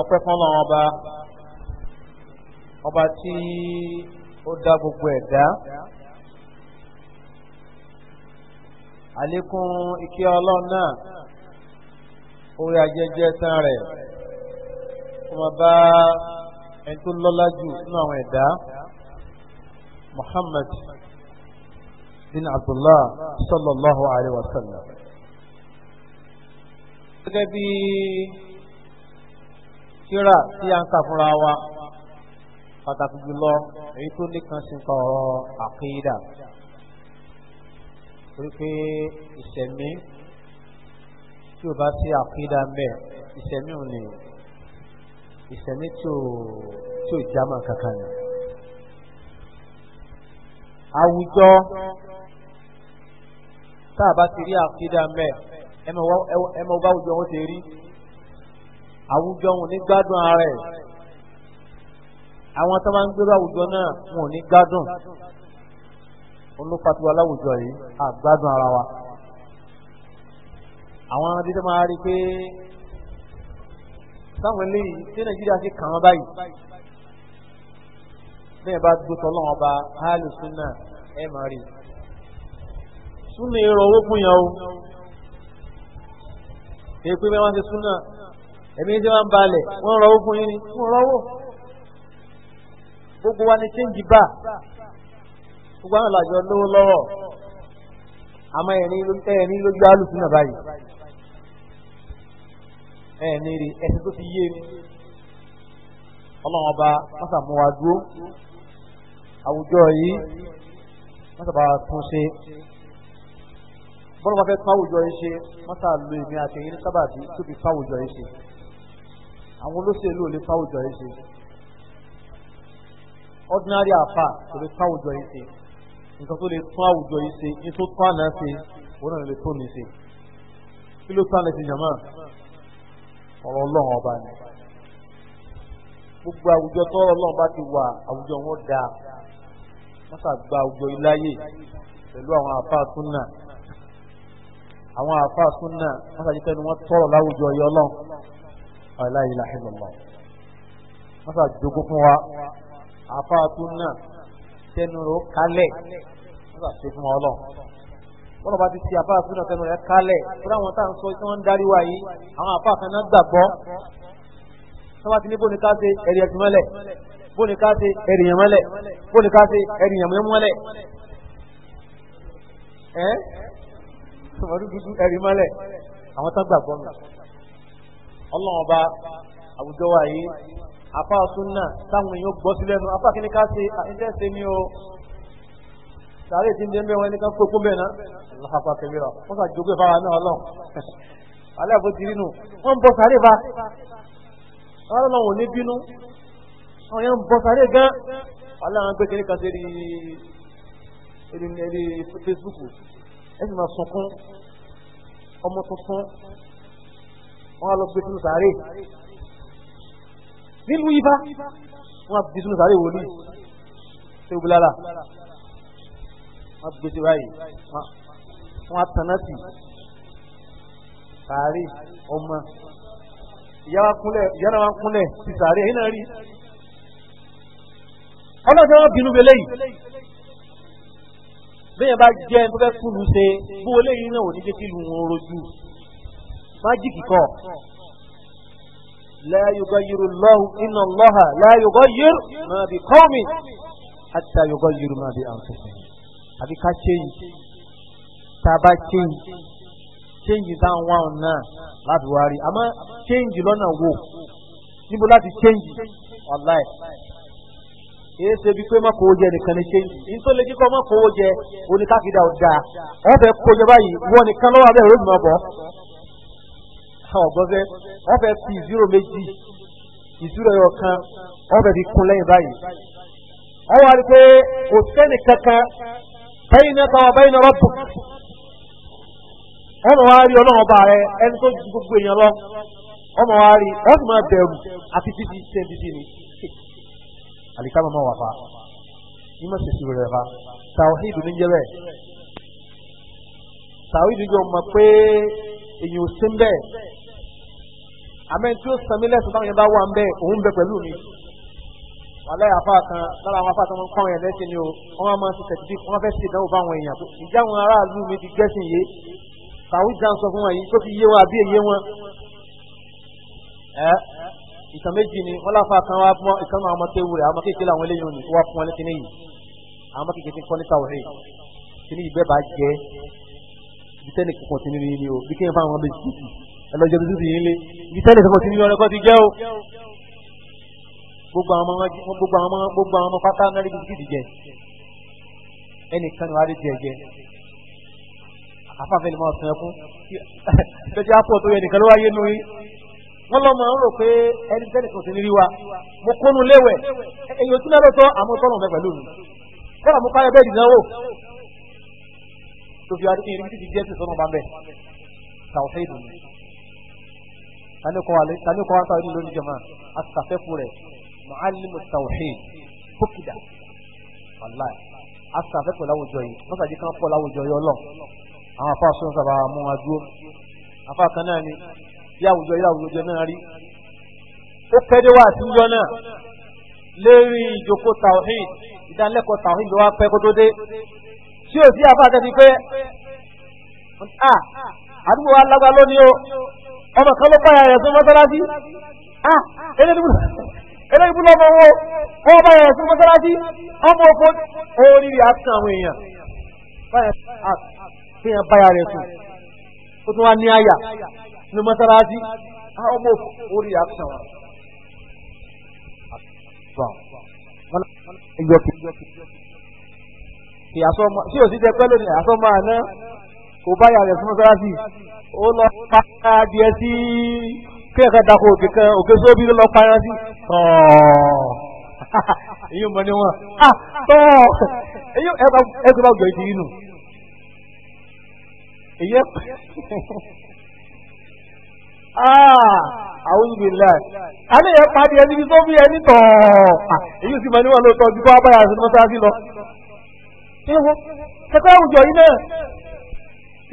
ọpẹ́ fún ọlọ́run ọba ọba tí ó dá gbogbo ẹ̀dá àlékún ìkẹ́ ọlọ́run náà orí ajẹjẹ tán rẹ̀ kó máa bá ẹni tó lọ́lá jù nínú àwọn ẹ̀dá Muhammad bin Abdullah sallallahu alayhi wa sallam. gẹ́gẹ́ bíi kíra tí a ń kà fúnra wa pàtàkì jùlọ èyí tó nìkan sí pa ọ̀rọ̀ àkéyídà torí pé ìṣẹ̀mí tí o bá sí àkéyídà mbẹ ìṣẹ̀mí ò ní ìṣẹ̀mí tí o tí kankan ni. àwùjọ tá a bá ti rí àkéyídà mbẹ ẹ mọ wá àwùjọ wọn ti rí àwùjọ wọn ò ní gbádùn ara ẹ̀ àwọn tó máa ń gbérò àwùjọ náà wọn ò ní gbádùn olùpàtúwà láwùjọ yìí àgbádùn ara wa àwọn adídé máa rí pé sáwọn eléyìí tí nàìjíríà ti kàn án báyìí bẹ́ẹ̀ bá gbótọ́ lọ́wọ́ ọba hálù súnà ẹ̀ máa rí súnà èrò owó fún yẹn o èpè mẹ́wàá ti súnà ẹ̀mí tí wọ́n balẹ̀ wọ́n rọ fún yín ni wọ́n rọwọ́ gbogbo wa ni kéńjì bá gbogbo àwọn làjọ lówó lọ́wọ́ àmọ́ ẹ̀rín lójú alùpùpù náà báyìí ẹ̀rín rí ẹ̀sìn tó ti yé mi ọlọ́run ọba mọ́sà mú wa dúró àwùjọ yìí mọ́sà bá wa tún ṣe bọ́lá bá fẹ́ tún àwùjọ yìí ṣe mọ́sà lu èmi àti èyí ní sábàbí tó fi yìí ṣe àwọn olóṣèlú ò lè fáwùjọ yìí ṣe ordinary afa kò lè fáwùjọ yìí ṣe nǹkan tó lè tún àwùjọ yìí ṣe ní tó tún àná ṣe òun náà lè tó mi ṣe kí ló tún àná ṣe jàmá ọ̀rọ̀ ọlọ́run ọba ni gbogbo àwùjọ tọrọ ọlọ́run bá ti wà àwùjọ wọn dáa wọ́n ṣàgbà àwùjọ iláyè pẹ̀lú àwọn àfa súnà àwọn àfa súnà wọ́n ṣàjẹpẹnu wọn tọrọ láwùjọ yọlọ́run la ilaha illallah wọ́n sà jogún fún wa àfa tún náà tẹnu rò kálẹ̀ wọ́n sà ṣe fún wa lọ wọ́n bá ti ti àfa tún náà tẹnu rẹ̀ kálẹ̀ fúnra wọn tá à ń sọ tí wọ́n ń darí wa yìí àwọn àfa kan náà gbàgbọ́ tí wọ́n ti ní bóni ká ṣe ẹ̀rí ẹ̀sìn mọ́lẹ̀ bóni ká ṣe ẹ̀rí yẹn mọ́lẹ̀ bóni ká ṣe ẹ̀rí yẹn mọ́lẹ̀ ẹ̀ sọ̀rọ̀ dúdú ẹ̀rí mọ́lẹ̀ àwọn tán gbàgbọ́ mi ọlọ́run ọba àwùjọ wa yìí apá ọ̀tún náà táwọn èèyàn gbọ́ sí lẹ́nu apá kìíní ká ṣe àìsẹ́sẹ́ ni o sàárè tí ń dẹ́nbẹ́ wọn nìkan kó kún bẹ́ẹ̀ náà lọ́pàá kẹ̀míra wọ́n sà jókòó ìfara náà ọlọ́run alẹ́ àbó ti rínú wọ́n ń bọ sàárè bá ọlọ́run ò ní bínú wọ́n yẹn ń bọ sàárè gan ọlọ́run gbé kìíní kan sí rí Facebook ẹ máa sunkún ọmọ tuntun wọ́n lọ gbé sínú sàárè nínú ifá wọ́n gbé sínú sàárè wòlíì tó gbúlára wọ́n gbé sí báyìí wọ́n tanná sí sàárè ọmọ ìyá wa kúnlẹ̀ ìyá náà wa kúnlẹ̀ sí sàárè ẹ̀yìn náà rí ọlọ́sẹ̀ wọn bínú bẹ́lẹ̀ yìí bẹ́ẹ̀ bá jẹ́ ẹni tó fẹ́ kúlù ṣe bó eléyìí náà ò ní jẹ́ wọn rojú. ma kọ́ la yughayyiru Allahu inna Allaha la yughayyiru ma bi hatta ma bi anfusihim àbí ká change tá a change change tá à ń wá òun náà change wo change online èyí ṣe bí pé má jẹ change ní tó lè kíkọ́ má kówó jẹ oníkàkídà ọ̀dà ọ̀bẹ àwọn ọ̀gbọ́n fẹ́ wọ́n fi zero méjì ìṣúra ẹ̀yọ kan wọ́n fi kún lẹ́yìn báyìí. wọ́n wá pé kò sẹ́ni kankan bẹ́yìn náà táwọn bẹ́yìn náà rọ́bù. wọ́n mọ̀ rí ọba rẹ àti ni. wà fa ní fa pé ò sí àmẹ́ni tí ó sàmì lẹ́sùn táwọn yẹn bá wà ń bẹ́ẹ̀ òun bẹ pẹ̀lú mi wàlẹ́ àfa kan lára àwọn afa kan máa kọ́ àwọn yẹn ni o wọ́n máa ti tẹ̀sí wọ́n fẹ́ sí ìdánwò fáwọn èèyàn ìjà àwọn aráàlú mi ti gẹ́sìn yé kàwé jà ń sọ fún wọn yìí tó fi yé wọn àbí èyé wọn. ẹ ìtàn méjì ni wọn láfa kan wá mọ ìkànnì àwọn ọmọkéwu rẹ àwọn kékeré làwọn eléyìí òní wá fún wọn ní kíní yìí àwọn kékeré ti kọ́ ní tàwọn rèé kíní yìí bá jẹ́ bí tẹ́nì kọ̀ọ̀kan ti ní ní o bí kéèyàn fáwọn ọmọ ẹlọ́jọ́ tuntun sì yín lé ibi tẹ́lẹ̀ sọ́kọ̀ tí ní ọlọ́kọ́ ti jẹ́ o gbogbo àwọn ọmọ pátá náà rí bisikíìtì jẹ ẹnìkan ni wàá rí tiẹ̀ jẹ àfàfẹ́ ni máa sọ ẹkún tẹ́tí àpò tó yẹ nìkan ló wáyé nù yín wọ́n lọ máa ń rò pé ẹni tẹ́lẹ̀ kò sí ní rí wa mo kónú léwẹ̀ èyí ò sí náà lọ́tọ́ àmọ́ tọ́nà mẹ́ pẹ̀lú mi mo pààyà bẹ́ẹ̀ dìdánwò tó fi adé kí n rí ti jẹ́ sí sọ́nà bá bẹ́ẹ̀ tàwọn ìdùnnú tani kọ́ wa tani kọ́ wa ta lórí jama asafẹ́kù rẹ̀ muallimu tawhid fúkìdá wàláyé asafẹ́kù láwùjọ yìí wọ́n sàdí kan pọ̀ láwùjọ yìí ọlọ́ àwọn afa sọ sábà mú wa dúró afa kan náà ni bí àwùjọ yìí àwùjọ náà rí ó pẹ́ẹ́dé wá àtijọ́ náà lérí ìjòkó tawhid ìdánilẹ́kọ̀ọ́ tawhid ló wá pẹ́ kó tó dé tí ò sí afa tẹ́ fi pé a ah, àdúgbò wa lágbá lónìí o ọmọ kan ló báyà rẹ̀ sún mọ́sálásí ah eléyìí búlọ̀ ọmọ wo wọ́n báyà rẹ̀ sún mọ́sálásí ọmọ oko oríire àtúntàn àwọn èèyàn kéèyàn báyà ah, rẹ̀ sùn ó tún wá ní àyà ní mọ́sálásí ah, ọmọ oko oríire àtúntàn wọn. Ìyàsọ́ máa ṣé òsì jẹ pẹ́ lónìí, ìyàsọ́ máa ná kò báyà rẹ̀ sún mọ́sálásí ó lọ pa adìẹ sí kí ẹ̀ka dako òkè kan òkè sóbi ló lọ pa ẹran sí tọ́ọ̀ èyí ò mọ ní wọn tọ́ọ̀ èyí ẹ̀ka bá gbọ̀ ìdí inú èyí ẹ̀ka àwọn ibi ilẹ̀ alẹ́ yẹn pàdé ẹni tó bí ẹni tọ̀ọ̀ èyí sì mọ ní wọn lóòótọ́ ju kó abáyà sí mọ́sáàsì lọ. ẹ̀kọ́ àwùjọ yìí náà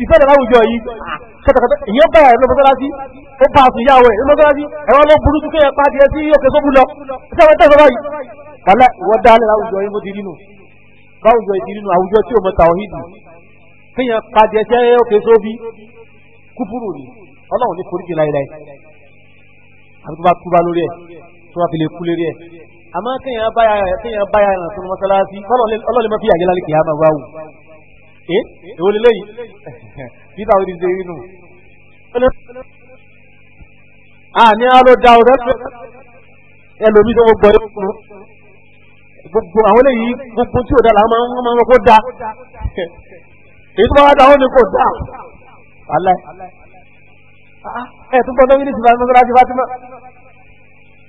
ìfẹ́ rẹ̀ láwùjọ yìí ah, kẹtàkẹtà èyàn bá ẹ̀rọ mọ́sálásí ó bá àtún ìyá rẹ̀ mọ́sálásí ẹ̀rọ ló burú tún kéèyàn pàdé sí òkè sóbù lọ ṣé àwọn tẹ̀sán báyìí wàlá ìwọ dálẹ̀ láwùjọ yìí mo ti rí nù láwùjọ yìí ti rí nù àwùjọ tí ò mọ tàwọn yìí dùn kéèyàn pàdé sí òkè sóbì kúfúrú ni ọlọ́run ní foríjì láíláí àbí tó bá túbá lórí ẹ̀ tó bá fi lè kú lórí ẹ̀ àmọ́ kéèyàn báyà kéèyàn báyà ràn ẹ èwo lè léyìí peter odi ṣe rí nù. àní alo da ọ̀rẹ́ fẹ́ ẹlòmíì tó gbọ́ yóò kú gbogbo àwọn eléyìí gbogbo tí ò da làwọn máa ń wọ́n kó da èyí tó bá wá da ó ní kò da alẹ́ ẹ̀ tó gbọ́dọ̀ yìí ní ti mọ́sálásí Fatima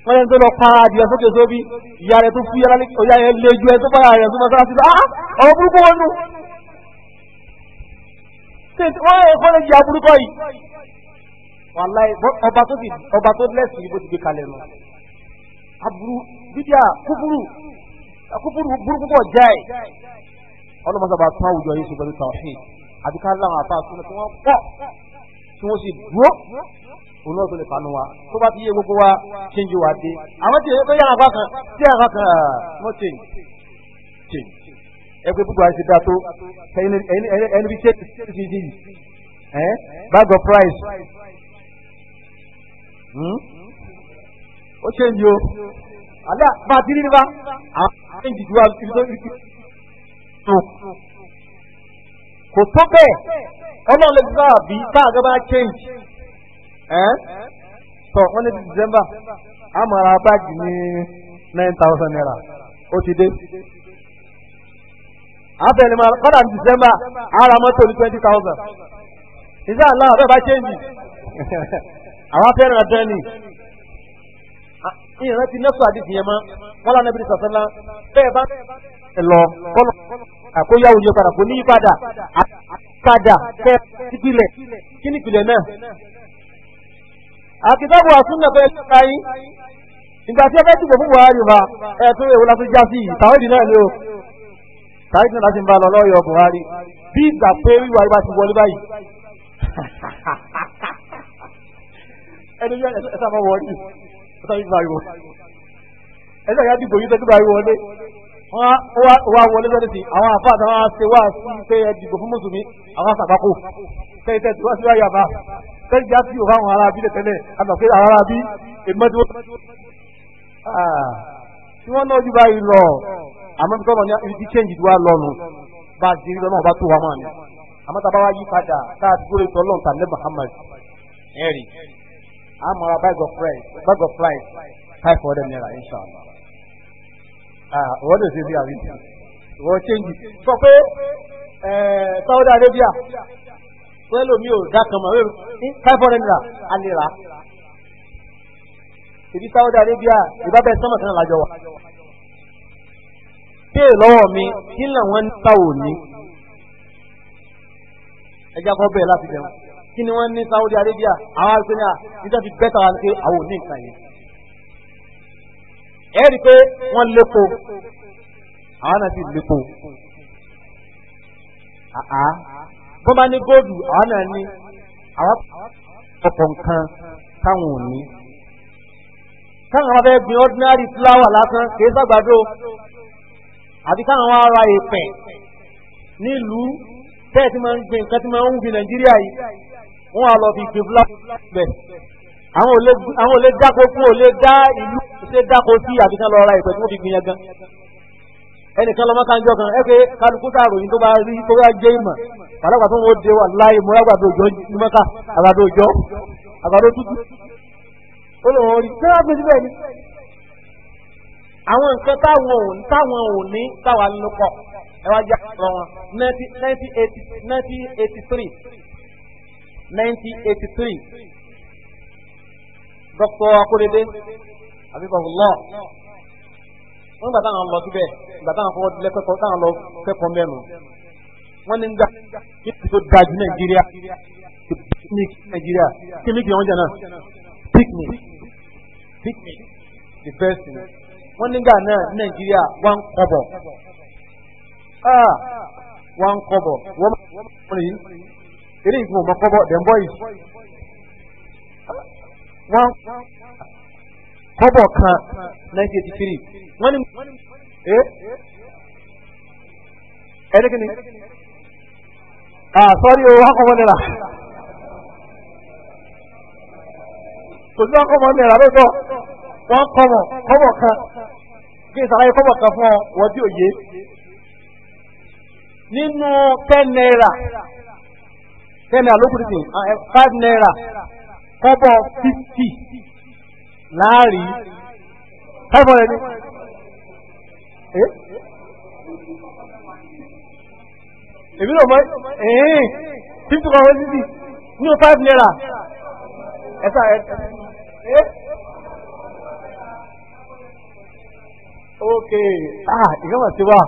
wọ́n yẹn tó lọ para adìyẹ sókè sóbi ìyá rẹ̀ tó fi ọyá yẹn lé ju ẹ tó bá yà rẹ̀ tó mọ́sálásí bá ọ̀rọ̀ burúkú wọn nù wọ́n yóò fọ́n lè jẹ aburúkọ yìí. wàláì ọba tó ti ọba tó lẹ́sìn ibo ti gbé kalẹ̀ nù. aburú bídíà kúkúrú kúkúrú burúkú pọ̀ jáì. ọlọ́mọsọ̀bà tún àwùjọ yìí ṣe pẹ̀lú tawhid àbí ká láwọn àfa àtúnṣe tí wọ́n pọ̀ tí wọ́n sì dúró òun náà tó lè fanu wa tó bá ti yé gbogbo wa ṣe ń jẹ wa dé. àwọn tí èyí tó yára bá kan tí yára kan mọ́tẹ́yìn. ẹgbẹ́ gbogbo àti dá tó ẹni bí bag of price hmm? ó ṣe o àlẹ́ bá a ti rí nípa àwọn kò tó bẹ́ẹ̀ bí change ẹ́ eh? tọ̀ wọ́n ní December àmọ́ ara báàgì naira ó ti dé. After the month, kọ́dà ní December ara mọ́tò ní twenty thousand ìṣe àlọ́ àbẹ̀ bá ṣéǹjì àwọn afẹ́ràn adẹ́ni ah, ìyẹn ti nẹ́sọ̀ àdìsí yẹn mọ́ wọn lánàá ibi sọ̀sánlá bẹ́ẹ̀ bá lọ kọ́lọ̀ àkóyáwó yẹn padà kò ní í padà padà kẹ́ ìpìlẹ̀ kí ni ìpìlẹ̀ náà. àkìtàbù àsúnà fẹ́ ṣíkà yín ìgbà tí ẹ fẹ́ dìbò fún Buhari wa ẹ̀ tún èwo la tún já sí ìtàwé dì náà ni o sáyẹ́tì náà láti ń bá lọ lọ́yọ̀ Buhari bí ìgbà pé wíwá ibà ti wọlé báyìí ẹni bí ẹ sábà wọlé ẹ sábà ibà ìwọ ẹ sábà yàtìgbò yìí sẹ́kìbà ìwọ lé wọ́n wá wọlé lọ́dẹ sí àwọn àfa àtàwọn àṣẹ wá sí pé ẹ dìbò fún mùsùlùmí àwọn àṣàbákò kẹ́yìn tẹ́tí wá sí wáyà bá kẹ́yìn tí a ti òfò àwọn aráabí lè tẹ́lẹ̀ àgbàpé àwọn aráabí èmọ́dúnwó tí wọ́n ah, náà jù báyìí lọ àmọ́ bí tọ́lọ̀ ní ibi change wa lọ́nu bá a di lọ́nà ọba tó wa máa ní àmọ́ tá a bá wá yí padà tá a dúró ètò ọlọ́run tàbí Muhammad ẹ̀rì a mọ̀ra bag of rice bag of rice five hundred naira inshallah ah wọ́n lè ṣe bí àwìn wọ́n change sọ pé Saudi Arabia wọ́n lò mí ò dá kan mọ̀ five hundred naira a lè rà ibi Saudi Arabia ìbábẹ́ sọ́mọ̀ kan lájọ wa béè lọ́wọ́ mi kí làwọn ń ta òní. ẹja kọ́ bẹ́ẹ̀ láti bẹ̀rù kí ni wọ́n ní Saudi Arabia àwọn àti ní àtijọ́ ti bẹ́ẹ̀ tàwa pé àwọn ò ní nǹkan yẹn. ẹ rí i pé wọ́n lépo àwọn náà sì lépo. àá bọ́n bá ní góòdù àwọn náà ní àwọn ọ̀pọ̀ nǹkan táwọn ò ní. káwọn afẹ́ gbin ordinary flower lásán kì í ṣàgbàdo àbí káwọn wá ra èèpẹ̀ nílùú tẹ́ẹ̀ tí máa ń gbé nǹkan tí máa ń gbin nàìjíríà yìí wọ́n á lọ fi gbin fúláwọ́ bẹ̀ àwọn ò lè dáko fún ò lè dá ìlú ṣe dáko sí àbí kan lọ ra èèpẹ̀ tí wọ́n fi gbin yẹn gan ẹnìkan lọ mọ́kànjọ́ kan ẹ pé kálukú sàròyìn tó bá rí tó bá jẹ́ ìmọ̀ pàlágbà tó ń wo de wà láì mọ́ àgbàdo òjò ní mọ́ká àgbàdo òjò àgbàdo tútù ó lè àwọn nǹkan táwọn ò ní táwọn ò ní táwa ń lò pọ̀ ẹ wá jẹ́ àpọ̀ wọn nineteen eighty three nineteen eighty three Dr. Akorede abibahulọ wọn gbà táwọn lọ síbẹ̀ gbà táwọn kọ́ lẹ́kọ̀ọ́ táwọn lọ kẹ́kọ̀ọ́ mẹ́nu wọn ní gbà kí ni tó da ju Nàìjíríà picnic Nàìjíríà kí ni kì í wọn jẹ náà picnic picnic the best thing. wọ́n nígbà náà ní nàìjíríà wọ́n ń kọ́bọ̀ ah, wọ́n ń kọ́bọ̀ wọ́n eré ìgbìmọ̀ ọmọ kọ́bọ̀ dem boys wọ́n kọ́bọ̀ kan 1983 wọ́n ní eh? ẹni kí ni ah, sọ́rí o wọ́n kọ́bọ̀ nira kò sí wọ́n kọ́bọ̀ nira lóòótọ́. wọ́n kọ́bọ̀ kọ́bọ̀ kan kí n sàlàyé kọ́bọ̀ kan fún ọ wọ́n tí ò yé nínú ten naira ten naira lókùnrin sí ah, eh, five naira kọ́bọ̀ fifty láàrin five hundred ni eh? èmi náà mọ ẹ̀ẹ́n eh, fifty kọ́bọ̀ fifty nínú five naira ẹ̀ta ẹ̀ẹ́. ok ah ìyẹn wà sí wa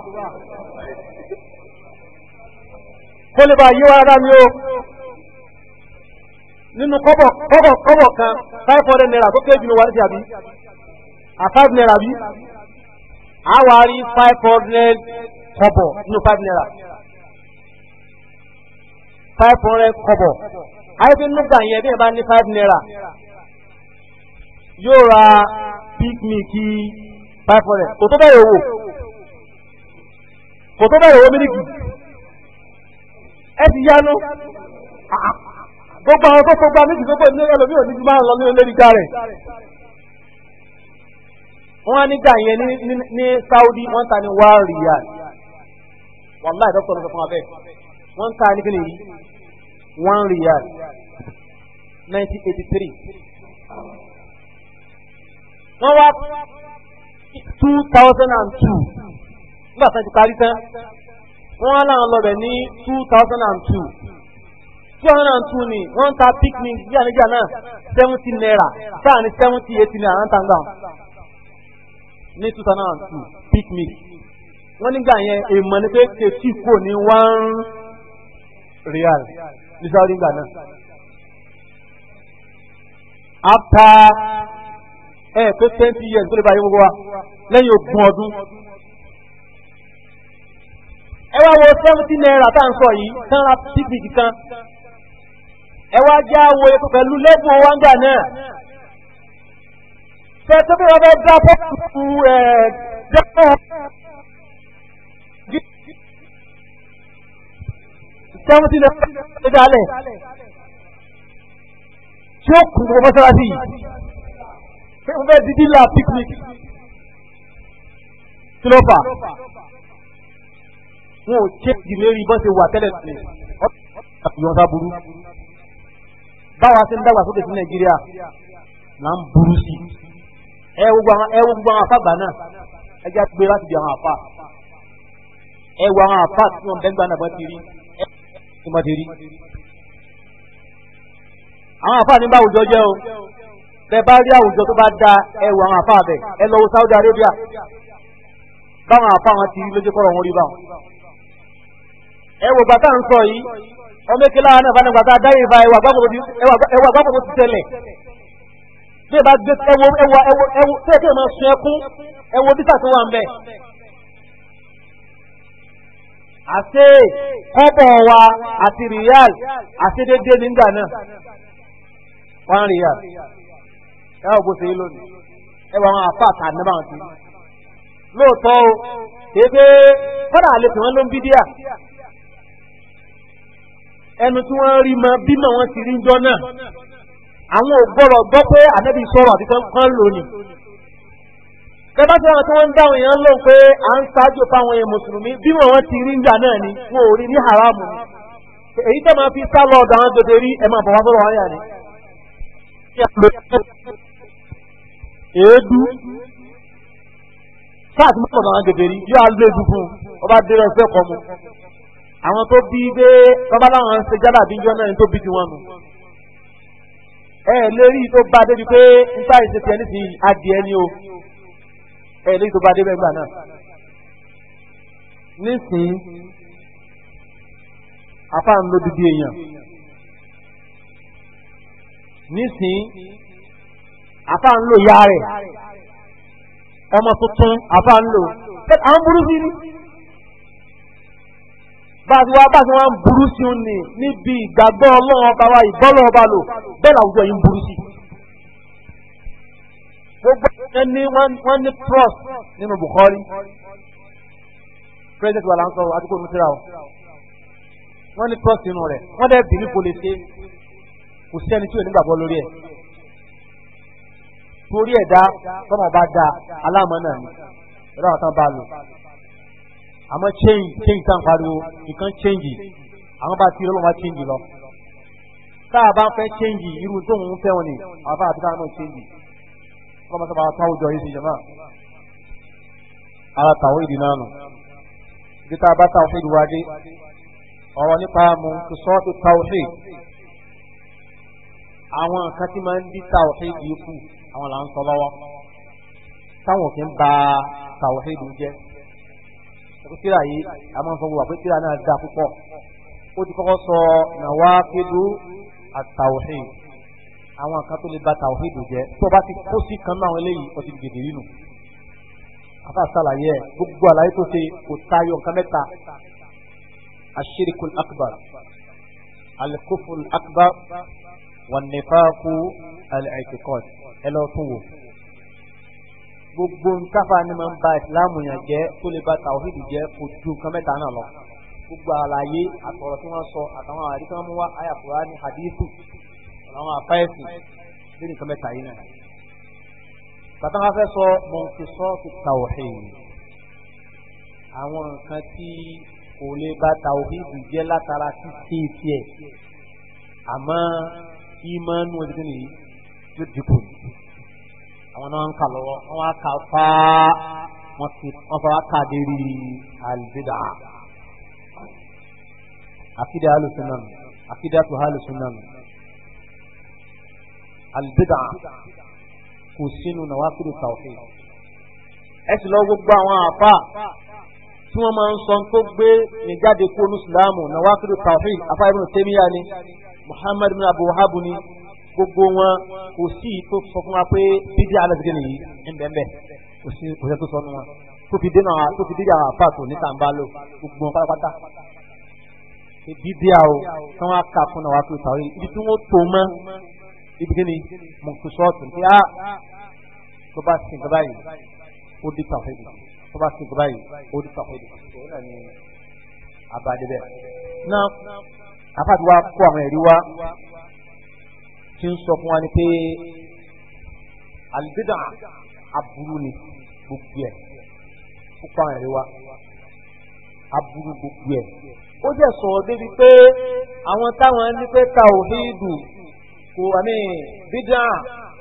kó lè bá yí wa rárá ni o nínú kọ́bọ̀ kọ́bọ̀ kọ́bọ̀ kan five hundred naira tó kéjì ní wárí ah, àbí a five naira bí a wà rí five hundred kọ́bọ̀ nínú five naira five hundred kọ́bọ̀ ayé pé nígbà yẹn bí ẹ bá ní five naira yóò ra picnic five hundred kò tó bẹ̀rẹ̀ owó kò tó bẹ̀rẹ̀ owó mílíkì ẹ ti yánu ah, ah. gbogbo àwọn tó gbogbo àmì gbogbo ní ẹlòmíì ò ní ti máa ń lọ nínú lórí ìjà rẹ̀ wọ́n á níjà yẹn ní Saudi wọ́n ta ní one riyal wàláì dọ́kítọ̀ ló sọ fún wa bẹ́ẹ̀ wọ́n ta ní kíni yìí one riyal nineteen eighty three wọ́n wá 2002. thousand and two nígbà tí wọ́n ti parí tán wọ́n láwọn lọ ní two thousand two two and two ni wọ́n ta picnic bí àníjà náà seventy naira sáà ní seventy eighty naira náà tàǹgbà ní two picnic wọ́n nígbà yẹn èèmọ̀ ni pé kèsì kò ní one real ní sọ́ọ́ nígbà náà. after ẹ pé twenty years tó lè báyìí gbogbo wa lẹ́yìn ogún ọdún. ẹ wá wo seventy naira tá à ń sọ yìí tán ra tíkìtì kan ẹ wá já wo epo pẹ̀lú lẹ́gùn owó àǹgà náà. tẹ̀sán bí wọ́n fẹ́ dá pọ́ọ̀tù ẹ̀ dẹ́kun seventy naira ló dálẹ̀ tí ó kù gbogbo mọ́sálásí yìí ṣé o fẹ́ Didi dílà picnic kí ló fà wọn ò ṣe ìlérí bọ́ ṣe wà tẹ́lẹ̀ tẹ́lẹ̀ ọ̀pọ̀lọpọ̀ ọ̀sá burú báwa ṣe ń dàgbà sókè sí nàìjíríà là ń burú sí ẹ wo gbogbo àwọn afá gbà náà ẹ jẹ́ àgbẹ̀ láti di àwọn afá ẹ wo àwọn afá tí wọ́n bẹ́ngbà náà bọ́ ti rí ẹ ti mọ̀ ti rí àwọn afá ní báwùjọ jẹ́ o bẹ́ẹ̀ bá rí àwùjọ tó bá da ẹwù àwọn àfa bẹ̀ ẹ lọ wo Saudi Arabia báwọn àfa wọn ti rí lójú kọ́rọ̀ wọn rí báwọn. ẹ wò bàtà ń sọ yìí ọmọ ekele àwọn náà bá nígbà tá a dá ìfà ẹwà gbàgbọ́ ti tẹ̀lẹ̀ bí ẹ bá gbé ẹwọ ẹwọ ẹwọ ẹwọ tẹ́ ẹ kí ẹ máa sun ẹkún ẹwọ bísà tó wà ń bẹ̀. àti kọ́bọ̀ wa àti rìyàl àti dédé nígbà náà one rìyàl. ẹ ò gbèsè yìí lónìí ẹ àwọn àfa àtà níbà lóòótọ́ o kìí pé àlè tí wọ́n ló ń bí díà ẹnu tí wọ́n rí mọ bímọ wọn ti rí njọ́ náà àwọn ò gbọ́dọ̀ pé ànábì sọ̀rọ̀ àti kan lónìí tẹ́bá tí tí ń dáhùn yẹn lóhùn pé à ń ṣáájú fáwọn mùsùlùmí wọn ti rí náà ni wọn ò rí ní haramu ni èyí tó máa fi lọ àwọn dòdò rí ẹ̀ máa wá èédú sáàtì mọ́tò náà gègèrè yóò á lé edu fún ọba dèrè ọ̀fẹ́ kọ́ mu àwọn tó bí dé bàbá láwọn ṣe jáde àbíjọ náà ní tó bí tiwọn nù ẹ lérí tó bá débi pé nípa ìṣètì ẹni sì adìẹ ni o ẹ lérí tó bá débi ẹgbà náà nísìnyí afáàmì ló dìde èèyàn nísìnyí àfa ń lò ya rẹ̀ ọmọ tuntun àfa ń lò à ń burú sí ni bá a ti wá bá a ti wá ń burú sí ni níbi ìgbàgbọ́ ọlọ́run ọba wa ìbọ́lọ́ ọba lò bẹ́ẹ̀ làwùjọ yìí ń burú sí. gbogbo ẹni wọ́n ní trust nínú Bukhari president wa la ń sọ o wọ́n ní trust nínú rẹ̀ wọ́n dẹ̀ bìrì kò lè ṣe kò sí ẹni tí ò ní lórí ẹ̀ gbogbo orí ẹ̀dá tọ́nà bá da aláàmọ́ náà ni ẹ̀rọ àwọn tán bá lò àmọ́ change change tá n pariwo nìkan change àwọn bá ti lọ́wọ́ wá change lọ tá a bá fẹ́ change irú tó ń fẹ́ wọn ni àwọn bá àbíká náà change kọ́ máa sábà táwọn jọ yìí sí jẹ́mọ́ ara tàwọn ìdí náà nù bí tá a bá táwọn fẹ́ ìdíwájú ọ̀rọ̀ nípa mu kò sọ́ọ́ ti táwọn fẹ́ àwọn nǹkan tí máa ń dí tàwọ̀hídì kù àwọn là ń sọ lọ́wọ́ táwọn òfin ba tàwọ̀hídì jẹ́ ẹ̀kú tíra yìí a máa ń sọ wà pé náà dáa púpọ̀ ó ti kọ́kọ́ sọ nàwa kédu àtàwọ̀hídì àwọn nǹkan tó lè ba tàwọ̀hídì jẹ́ tó bá ti kó sí kan náà àwọn eléyìí ó ti gèdè nínú afa ṣàlàyé ẹ gbogbo àlàyé tó ṣe kò tayọ nǹkan mẹ́ta ashirikul akbar alikuful akbar wànífàákù al-i'tiqad ẹ lọ fún wò. gbogbo nkáfà ni máa ń ba ìsìláàmù yàn jẹ́ tó lè ba tàwọ́fíìdì jẹ́ ojú nǹkan mẹ́ta náà lọ. gbogbo àlàyé àtọ̀rọ̀ tí wọ́n sọ àtàwọn àrí mú wá àyà Kùránì hadithu àwọn àfáyẹ̀sì lé nǹkan mẹ́ta yìí náà. bàtà wọn fẹ́ sọ mọ̀nkìsọ́ ti tàwọ́fíìdì àwọn nǹkan tí kò lè ba tàwọ́fíìdì jẹ́ látara títí tiẹ̀ àmọ́ ìmánu wọn ti kí nìyí yóò dínkù àwọn náà ń kà lọ́wọ́ wọ́n wá kà fá wọ́n ti wọ́n fọwọ́ kà dérí àlùbídà àkídà alùsùnà àkídà tó alùsùnà àlùbídà kò sínú nàwákìlù tàwọ́fẹ́ ẹ sì lọ gbogbo àwọn àfa tí wọ́n máa ń sọ tó gbé ní jáde kó olùsùlámù nàwákìlù tàwọ́fẹ́ àfa ibùdó tẹ́míyà ni. Muhammad bin Abu Wahab ni gbogbo wọn kò sí tó sọ fún wa pé bíbí alẹ́sìkè nìyí ńbẹ́ńbẹ́ kò sí kò sẹ́ tó sọ fún wa tó fi dénà tó fi dídí àwọn àpá tó níta ń bá lò gbogbo wọn pátápátá bíbí àwọn tí wọn kà fún wa tó sàwé ibi tí wọn tó mọ ibi kí ni mùsùlùmí pé a tó bá sin kaba yìí ó di tàfẹ́ yìí tó bá sin kaba yìí ó di tàfẹ́ yìí. abadebe náà afáàtì wa kó àwọn ẹ̀rí wa tí ń sọ fún wa ni pé àlùbídà aburú ni gbogbo ẹ̀ kó kó àwọn ẹ̀rí wa aburú gbogbo ẹ̀ ó jẹ́ sọ̀rọ̀ débi pé àwọn táwọn ní pé tàwhídù kò àmì bídà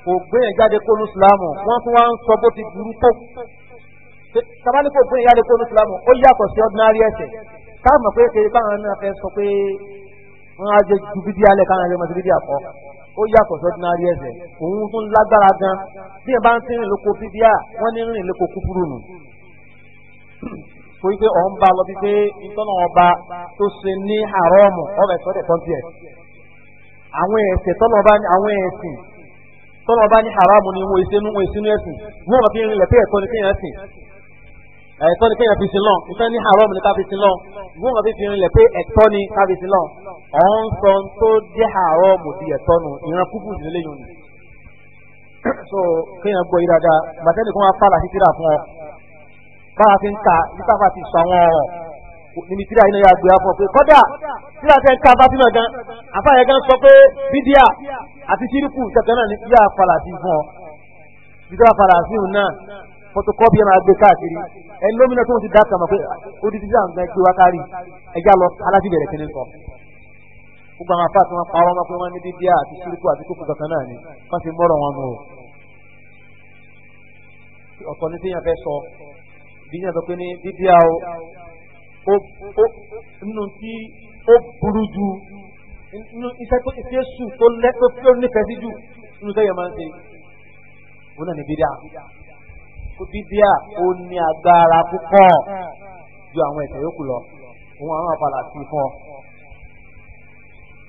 kò gbẹ̀yìn jáde kó ní ìsìlámù wọ́n tún wá ń sọ bó ti burú tó tabali gbẹ̀yìn jáde kó ní ìsìlámù ó yàtọ̀ sí ordinary ẹ̀sẹ̀ táwọn mọ̀ pé kéde báwọn náà fẹ́ sọ pé wọn á jẹ ju bíbí alẹ káwọn ẹgbẹ mọtò bíbí àkọ ó yàtọ̀ sọdínárì ẹsẹ òun tún lágbára gan bí ẹ bá ń sin ìlú ko bíbí à wọn ní rìn ìlú kúkúrú nù torí pé ba lọ bí pé ìtọ́nà ọba tó ṣe ní àrọ́ọ̀mù ọba ẹ̀sọ́ tẹ̀ ẹ̀ àwọn ẹ̀sẹ̀ tọ́nà ọba ní àwọn ẹ̀sìn tọ́nà ọba ní haramu ni ẹ̀tọ́ ni kéèyàn fi sin lọ ìfẹ́ ní haram ni ká fi sin lọ ìwọ́n kan fi fi pé ẹ̀tọ́ ni ká fi sin lọ ọ̀hún sọ tó jẹ́ haram di ẹ̀tọ́ nu ìran kúkú sí lẹ́yìn ni. so kéèyàn gbọ́ yìí dáadáa bàtẹ́ nìkan wá fàlà sí tíra fún ọ báwa fi ń ta nípa fà ti sọ àwọn ọ̀rọ̀ níbi tíra yìí náà yà gbé fún ọ pé kọ́dà tíra tẹ́ ń ta bá sínú ẹ̀gán àfáàyẹ gan sọ pé bídíà àti síríkù kẹ̀kẹ́ náà ní tíra fàlà sí fún ọ fotokọ́bì ẹ̀ máa gbé káàkiri ẹni lómìnà tó ń ti dá kàmọ́ pé odidi sí àwọn ẹgbẹ́ wa kárí ẹjá lọ alájú bẹ̀rẹ̀ kí ni sọ. gbogbo àwọn afáàtì wọn parọ́ wọn pé wọ́n ní dídí àti síríkù àti kókò kankan náà ni wọ́n ti mọ́rọ̀ wọn nù. ọ̀tọ̀ ní tíyàn fẹ́ sọ bíyàn sọ pé ní dídí a ó nínú tí ó burú ju nínú iṣẹ́ tó ṣe sùn tó lẹ́ tó nífẹ̀ẹ́ sí jù nínú tẹ́yẹ̀ pé bíbíà ó ní agbára púpọ̀ ju àwọn ẹ̀sẹ̀ yòókù lọ òun àwọn àpàlà sí fún ọ.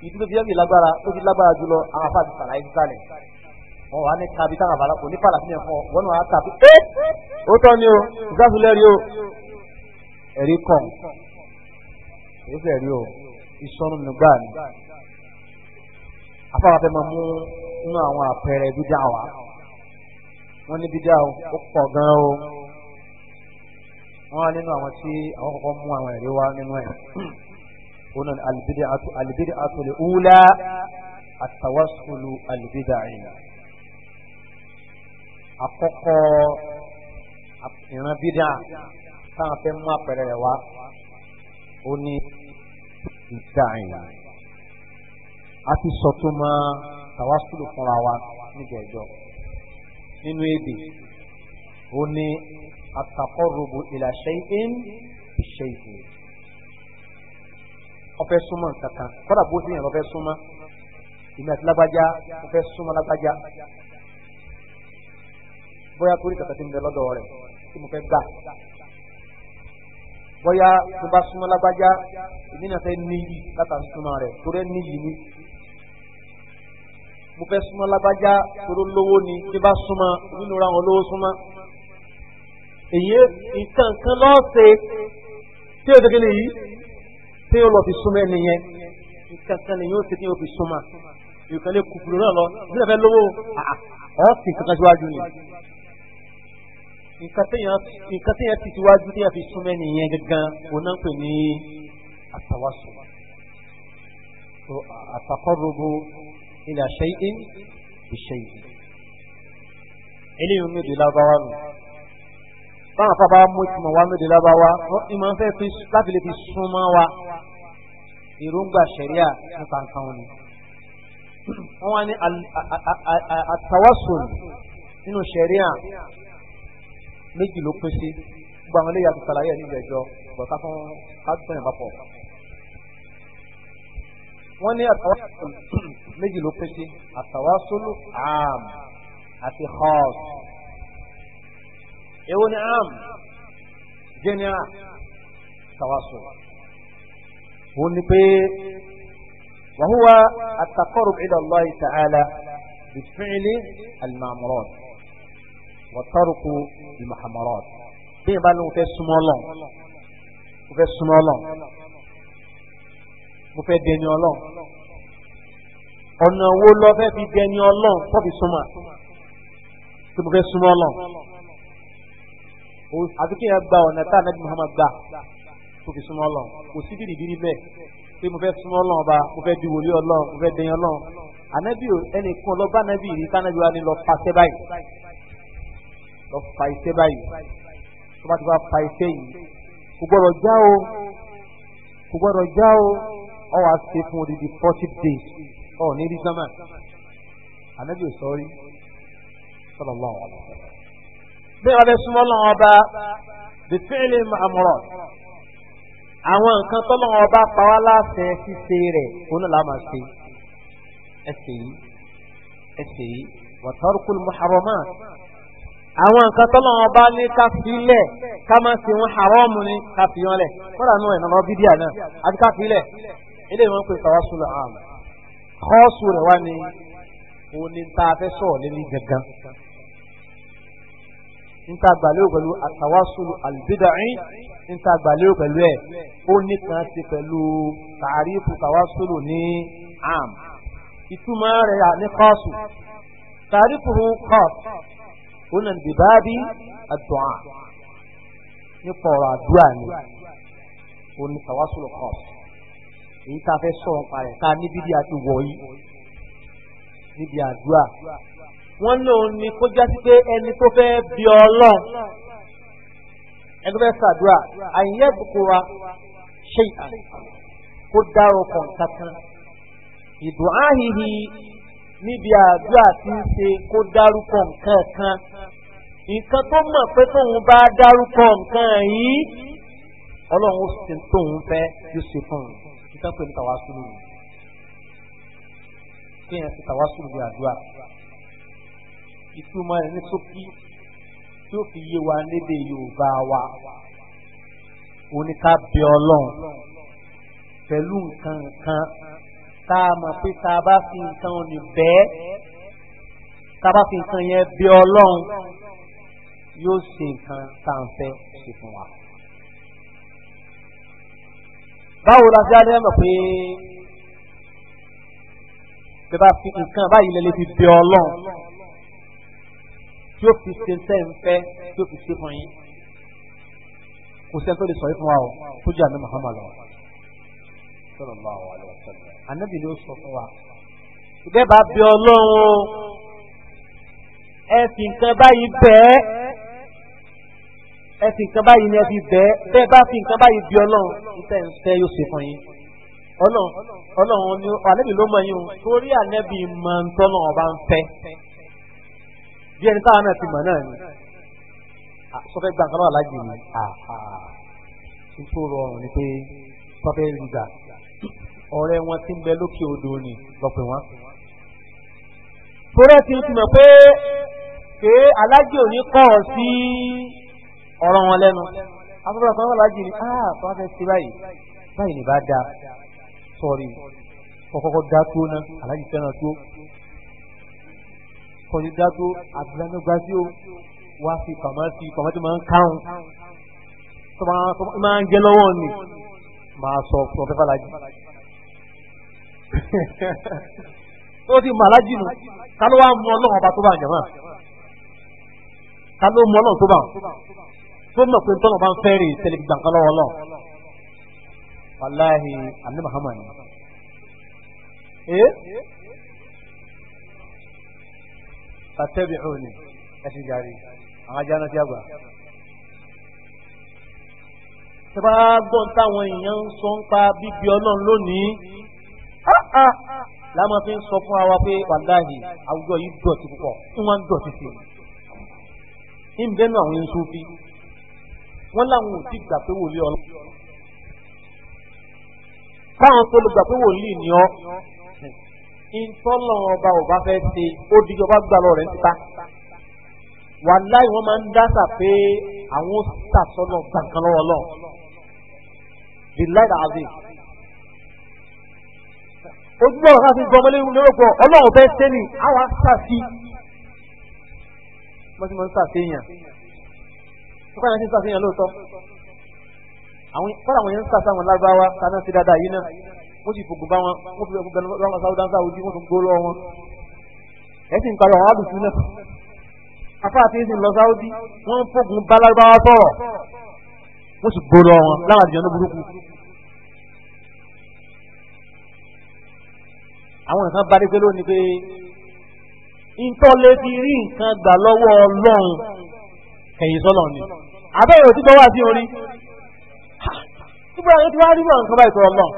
ìdí tó fi yẹ́bi lágbára tó fi lágbára jùlọ àwọn afáàbí sàlàyé ń sàlẹ̀ wọn wà ní kabi táwọn àbálà kò ní pàlà sílẹ̀ fún ọ wọn wà á kàbí ẹ́ ó tọ́ ni o ìsásùlẹ̀ rí o ẹ̀rí kàn èyí fẹ́ rí o ìsọnù nígbà ni afáwọn afẹ́ máa mú inú àwọn àpẹẹrẹ dídá wa wọ́n ní bídíà ó pọ̀ gan o wọ́n wá nínú àwọn tí àwọn kọ́kọ́ mú àwọn ẹ̀rí wá nínú ẹ̀ wọn náà alibidi atu alibidi atu le wúlá àtàwásùlù alibidi àyìnà àkọ́kọ́ ìran bídíà táwọn fẹ́ mú àpẹẹrẹ rẹ̀ wá ó ní ìdá àyìnà a ti sọ tó máa tàwásùlù fúnra wa nígbà ẹjọ́ nínú èdè ó ní ataqarrubu ila shay'in bi shay'in ọfẹ súnmọ́ nǹkankan kódà bó ti yàn lọfẹ súnmọ́ ìmọ àti lágbájá ọfẹ súnmọ́ lágbájá bóyá torí kàkà tí ń bẹ lọ́dọ̀ rẹ̀ tí mo fẹ́ gbà bóyá tó bá súnmọ́ lágbájá èmi náà fẹ́ níyì látà súnmọ́ rẹ̀ torí níyì ni mo fẹ́ súnmọ́ lágbájá tóró lówó ni tí bá súnmọ́ nínú ra wọn lówó súnmọ́. èyí nǹkan kan lọ́ọ̀sẹ̀ tí o dégé nìyí tí o lọ fi súnmọ́ ẹni yẹn nǹkan kan nìyí ó ti kí o fi súnmọ́ nǹkan lè náà lọ bí ẹ fẹ́ lówó ọ̀ọ́sì kankan síwájú ni. nǹkan tí yẹn ti síwájú tí yẹn fi súnmọ́ ẹni gangan òun náà pè ní àtàwásù ila shay'in bi shay'in eléyìí ń méjì lábáwá nù báwọn afábá mú ìtumọ̀ wá méjì lábáwá ìmọ̀ ń fẹ́ láti lè fi súnmọ́ wa èròǹgbà ṣẹ̀ríà nípa nǹkan wọn ni wọ́n ní àtàwásùn nínú ṣẹ̀ríà méjì ló pín sí gbogbo àwọn eléyà ti sàlàyé nígbà ẹjọ́ bọ̀ ká fún ká tún yàn papọ̀ wọ́n ní àtàwásùn méjì ló pín sí àtàwásùn àm àti khas èwo ni àm general tawassul wọ́n ní pé wa huwa at-taqarrub ila Allah ta'ala بالفعل المأمورات bí ìbá ló ń fẹ́ súnmọ́ lọ́n ń fẹ́ súnmọ́ lọ́n mo fẹ́ dẹni ọlọ́run ọ̀nà wo lọ fẹ́ fi dẹni ọlọ́run tó fi súnmọ́ tí mo fẹ́ súnmọ́ ọlọ́run àti kí n gba ọ̀nà tá ànábì Muhammad gbà tó fi súnmọ́ ọlọ́run kò sí bìrì bìrì bẹ́ẹ̀ pé mo fẹ́ súnmọ́ ọlọ́run ọba mo fẹ́ di wòlíì ọlọ́run mo fẹ́ dẹni ọlọ́run ànábì ẹnìkan ọlọ́ba ànábì yìí kánábì wa ni lọ fa iṣẹ́ báyìí lọ fa iṣẹ́ báyìí tó bá ti fa iṣẹ́ yìí kò gbọ́dọ̀ já o kò gbọ́dọ̀ já o ọ wá ṣe fún odidi forty days ọ ní rí sámà ànábì sọrí sallallahu alaihi wasallam. bí wọ́n bẹ súnmọ́ lọ́wọ́ ọba bí fíìlì àmúrọ̀ àwọn nǹkan tọ́lọ́wọ́ ọba pàwọ́ láṣẹ ṣíṣe rẹ̀ òun là máa ṣe ẹsẹ̀ yìí ẹsẹ̀ yìí wàtárùkùn muharọ́mà àwọn nǹkan tọ́lọ́wọ́ ọba ní ká filẹ̀ ká máa ṣe wọn haramu ní ká fi wọn lẹ̀ kọ́dà nù ẹ̀ nà lọ bídíà àti ká filẹ̀ ilé ìwọ̀n pé tawassul am kọ́ọ̀sù rẹ̀ wá ní òní tá a fẹ́ sọ̀rọ̀ lé ní gangan nta gbàlérò pẹ̀lú àtàwásùn àlùbídàáì nta gbàlérò pẹ̀lú ẹ̀ ó nìkan ti pẹ̀lú tàrífù tàwásùn ní am ìtumọ̀ rẹ̀ ní kọ́ọ̀sù tàrífù kọ́ọ̀sù ó nà bíbáàbí àdùn nípa ọ̀rọ̀ àdúrà ni ó ní tàwásùn kọ́ọ̀sù èyí tá a fẹ́ sọ̀rọ̀ pa rẹ̀ tá a níbi bí a ti wọ̀ yìí níbi àdúrà wọ́n lòun ni kó jásí pé ẹni tó fẹ́ bí ọlọ́run ẹni tó fẹ́ sàdúrà àyìnyẹ́ bùkúra ṣe kó dárò kan kankan ìdùn áhìhì níbi àdúrà tí ń ṣe kó dárúkọ nǹkan kan nǹkan tó mọ̀ pé tóun bá dárúkọ nǹkan yìí ọlọ́run ó sì tóun fẹ́ yóò ṣe fún un sápẹ́ ní tàwásùlù ni kéèyàn ti tàwásùlù ní àdúrà ìtumọ̀ ẹ̀ ní sókí tí ó fi yé wa lédè Yorùbá wa oníká bẹ Ọlọ́run pẹ̀lú nǹkan kan tá a mọ̀ pé tá a bá fi nǹkan òní bẹ́ẹ̀ tá a bá fi nǹkan yẹn bẹ Ọlọ́run yóò ṣe nǹkan tá à ń fẹ́ ṣe fún wa báwo la ṣe á lè mọ̀ pé bí bá fi nǹkan báyìí lẹ́lẹ́ fi bẹ ọlọ́run tí ó fi ṣe sẹ́ǹfẹ́ tí ó fi ṣe fún yín kò sẹ́ni tó lè sọ yìí fún wa o tó jẹ́ àmì Muhammad lọ. Ànábì ni ó sọ fún wa. Ìbẹ́ bá bẹ ọlọ́run ẹ fi nǹkan báyìí bẹ́ẹ̀ ẹ fi nǹkan báyìí ni ẹ fi bẹ́ẹ̀ bẹ́ẹ̀ bá fi nǹkan báyìí bí ọlọ́run iṣẹ́ ń fẹ́ yóò ṣe fún yín ọlọ́run ọlọ́run ni ànẹ́bì ló mọ yín o torí ànẹ́bì mọ ń tọ́nà ọba ń fẹ́ bí ẹni táwọn náà ti mọ̀ náà ni sọfẹ́ gba nǹkan náà lájì ni tó rọrùn ni pé sọfẹ́ rí gbà ọ̀rẹ́ wọn ti ń bẹ lókè odò ni lọ́pẹ̀ wọn. torí ẹ ti fi pé pé alájì òní kọ̀ sí ọ̀rọ̀ wọn lẹ́nu afọ́bọ̀lá kan wà lájì ní ah tó wá fẹ́ ṣe báyìí báyìí ní bá da sọ̀rí kọ́kọ́kọ́ dá tó ná alájì fẹ́ràn tó kọ́ni dá tó àbúránú gbá sí o wá sí kàmá sí kàmá tó máa ń kárùn tó máa ń jẹ́ lọ́wọ́ ni máa sọ fún ọ̀fẹ́fà lájì tó ti mọ alájì nù ká ló wá mú ọlọ́run ọba tó bá jàmá ká ló mú ọlọ́run tó bá tó mọ̀ pé tọ́nà bá ń fẹ́rẹ̀ tẹ́lẹ̀ gbàǹkan lọ́wọ́ lọ. wàláhì àmì muhammad ee fàtẹ́bì òní ẹ̀sì jàre àwọn ajá náà ti àgbà. tẹ́fà gbọ́n táwọn èèyàn ń sọ ń pa bíbí ọlọ́run lónìí láàmú fi ń sọ fún wa pé wàláhì àwùjọ yìí dọ̀tí púpọ̀ ń wá ń dọ̀tí sí i. ń àwọn ń sún fi wọ́n láwọn ò ti gbà pé wòlíì ọlọ́ káwọn tó lè gbà pé wòlíì ni ọ́ ìtọ́lọ̀ ọba ò bá fẹ́ ṣe ó dijọ́ bá gbà lọ rẹ̀ ń ta wàláì wọ́n máa ń dáṣà pé àwọn sàtọ́nà gbàǹkan lọ́wọ́ lọ bìláìdà àbí ojú ọ̀rọ̀ láti gbọ́ ọmọlé lérò pọ̀ ọlọ́run fẹ́ ṣe ni àwa sàṣì wọ́n ti máa ń ṣùgbọ́n àwọn ẹni sàfihàn lóòótọ́ kọ́ra àwọn yẹn ń sàfihàn lágbáwá kaná sí dáadáa yìí náà wọ́n ti fògùn bá wọn wọ́n fi gbẹ̀rù lọ́wọ́ sáwọ́dá sáwọ́dí wọ́n tún gbóró wọn ẹ̀sìn nǹkan àwọn àdùsù náà afá àti ẹ̀sìn lọ sáwọ́dí wọ́n ń fògùn bá lágbáwá sọ̀rọ̀ wọ́n sì gbóró wọn láwọn àdìyàn ló burúkú àwọn nǹkan bá dé pé lónìí pé ntọ́lẹ́ fi rí nǹkan gbà lọ́wọ́ ọlọ́run kẹ̀yìn sọ́nà ni abẹ́rẹ́ òtítọ́ wà sí orí nígbà tí wọ́n á rí wọn nǹkan báyìí sọ̀rọ̀ náà.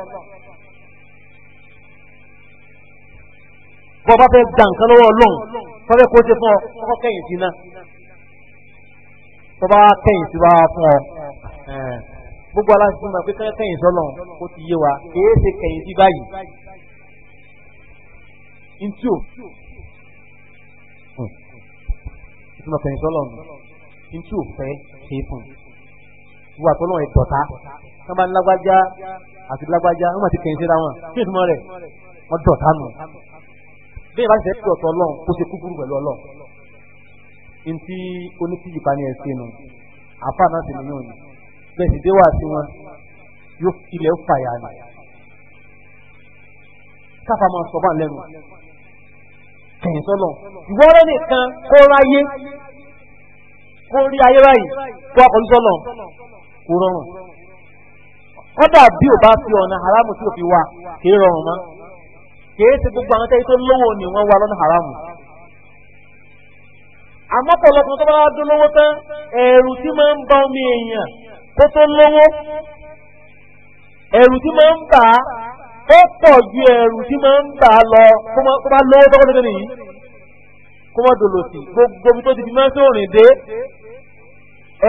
bọ́ bá fẹ́ gba nǹkan lọ́wọ́ ọlọ́run tọ́lẹ́ kó ṣe fún ọ kọ́kọ́ kẹ̀yìn sí iná tọ́ bá kẹ̀yìn sí wa fún ọ gbogbo aláṣẹ máa pé kẹ́yìn sọ́nà ó ti yé wa kìí ṣe kẹ̀yìn sí báyìí ntí o ìtumọ̀ hm. kẹ̀yìn sọ́nà ọ̀nà ntí ò fẹ́ ṣe fún un wà tọ́lọ́ ẹ̀ dọ̀tá wọn bá ń lágbájá àti lágbájá wọn àti kẹ̀yìn síra wọn kí èsì mọ́ rẹ̀ wọn dọ̀tá nù bẹ́ẹ̀ bá ṣe pé ọ̀tọ̀ ọlọ́run kó ṣe kúkúrú pẹ̀lú ọlọ́run ntí oníkíyì bá ní ẹ ṣe nu àfa náà sì nìyẹn òní bẹ́ẹ̀ sì dé wá sí wọn yóò ilẹ̀ ó fàyà nù káfa máa sọ bá lẹ́nu kẹ̀yìn sọ́lọ̀ ìwọ́rẹ́ nìkan kó ráyé kó rí ayé báyìí kó akọ̀lù sọ́nà kò rọrùn kódà bí ò bá fi ọ̀nà haramu tí ò fi wà kì í rọrùn mọ́ kì í ṣe gbogbo àwọn tẹ́yí tó lówó ni wọ́n wà lọ́nà haramu àmọ́ pọ̀lọpọ̀ tó bá wá dún lówó tán ẹ̀rù tí máa ń bá omi èèyàn kó tó lówó ẹ̀rù tí máa ń bà á ó pọ̀ ju ẹ̀rù tí máa ń bà á lọ tó bá lówó tó kọ́ tó tó nìyí kó mọ́ dòlò sí gbogbo ibi tó ti fi máa ń sóòrìn dé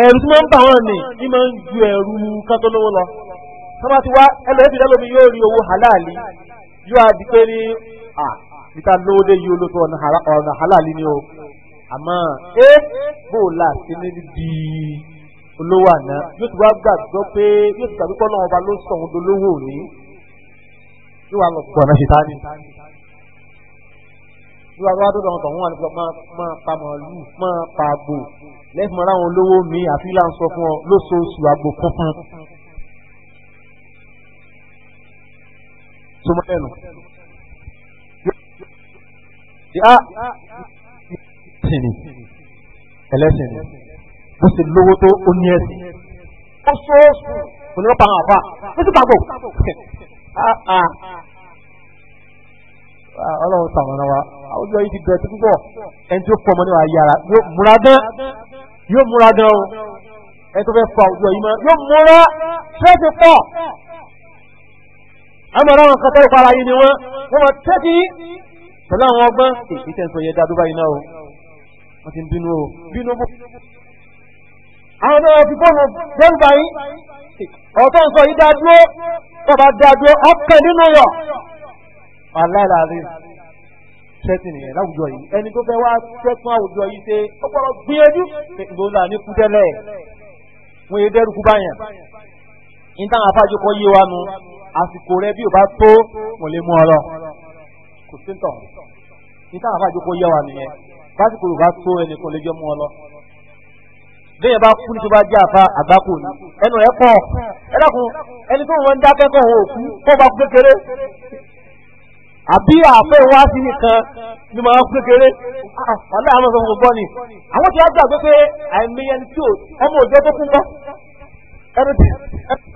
ẹ̀rù tí máa ń bà wọ́n ní ní máa ń ju ẹ̀rù kan lówó lọ sábà ti wá ẹlẹ́bí lẹ́lómi yóò rí owó halali yóò á di pé ní à níta lówó dé yìí olóòtú ọ̀nà halali ni o àmọ́ ẹ bò láti níbi di olówó àná yóò ti wá gbàgbọ́ pé yóò ti gbàgbé pọ́ náà ọba ló sọ̀hún dolówó òní yóò wá lọ pọ̀ ṣe tá ní wíwá wá tó dọ̀wọ́n tọ̀hún wà ní pọ̀ máa pa màálù máa pa àgbò lẹ́fún ara wọn lówó mi àfi là ń sọ fún ọ lóṣooṣù àgbò kankan. tó mọ́ lẹ́nu. ẹlẹ́sìn ni ẹlẹ́sìn ni bó ṣe lówó tó ó ní ẹ̀sìn. ó ṣooṣù kò ní wọ́n pa àwọn àfa ó sì pàgò ọlọ́run sàwọn wa àwùjọ yìí ti bẹ̀rẹ̀ tó púpọ̀ ẹni tó fọmọ ní wàá yára yóò múra dán yóò múra dán o ẹni tó fẹ́ fọ àwùjọ yìí mọ́ yóò múra tẹ́tí pọ̀ àmọ́ra wọn kọ́tọ́ para yìí ni wọ́n wọ́n mọ̀ tẹ́tí pẹ̀lú àwọn ọgbọ́n èyí tẹ̀ ń sọ yẹn dá dúbà yìí náà o wọ́n ti ń bínú o bínú bó. àwọn náà ti fọ́ọ̀mù dẹ́rù báyìí ọ̀tọ̀ ń sọ yìí dá dúró ala rí sẹ́tì nìyẹn láwùjọ yìí ẹni tó fẹ́ wá sẹ́tún àwùjọ yìí ṣe ó gbọ́dọ̀ gbìyànjú ìgbòho ní kútẹ́lẹ̀ wọ́n yé dẹ́rù kú níta àwọn afájú kọ́ yé wa nu àsìkò rẹ bí o bá tó wọ́n lè mú ọ lọ kò sí tọ̀ níta àwọn afájú kọ́ yé wa nìyẹn básìkò ni ẹnu ẹ̀ pọ̀ ẹ dákun ẹni tó wọn òkú kó bá kú àbí àfẹ́ wá sí nìkan ni màá kú kékeré ah, wàlẹ́ àwọn ọmọ gbọ́ ni àwọn tí wọ́n gbà pé àìmọye ẹni tí ọmọ òjò tó kún mọ́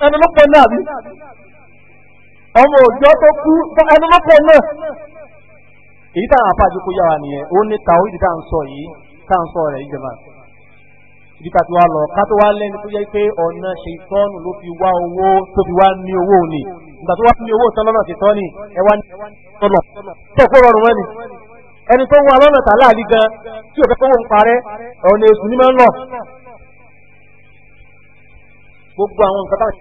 ẹni lọ́pọ̀ náà bí ọmọ òjò tó kú ẹni lọ́pọ̀ náà èyí táwọn apá àjòkó yára nìyẹn ó ní tàwọn ìdí tá à ń sọ yìí tá à ń sọ rẹ̀ ìjọba ibi tá a ti wá lọ ká tó wá lẹ́ni tó yẹ pé ọ̀nà ṣe ìtọ́nù ló fi wá owó tó fi wá ní owó ni ìgbà tó wá ní owó tán lọ́nà ṣètọ́ ni ẹ wá ní ọ̀nà tó kó rọrùn wẹ́ni ẹni tó ń lọ́nà tà láàlí gan tí ò kówó ń parẹ́ ọ̀nà èṣù ní máa ń lọ. gbogbo àwọn nǹkan táwọn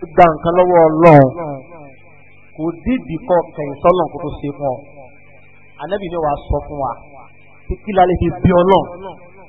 ṣe gba nǹkan lọ́wọ́ ọlọ́run kò dídì kọ kẹ̀yìn sọ́lọ̀ kó tó ṣe fún ọ wa kí lálẹ́ fi bí ọlọ́run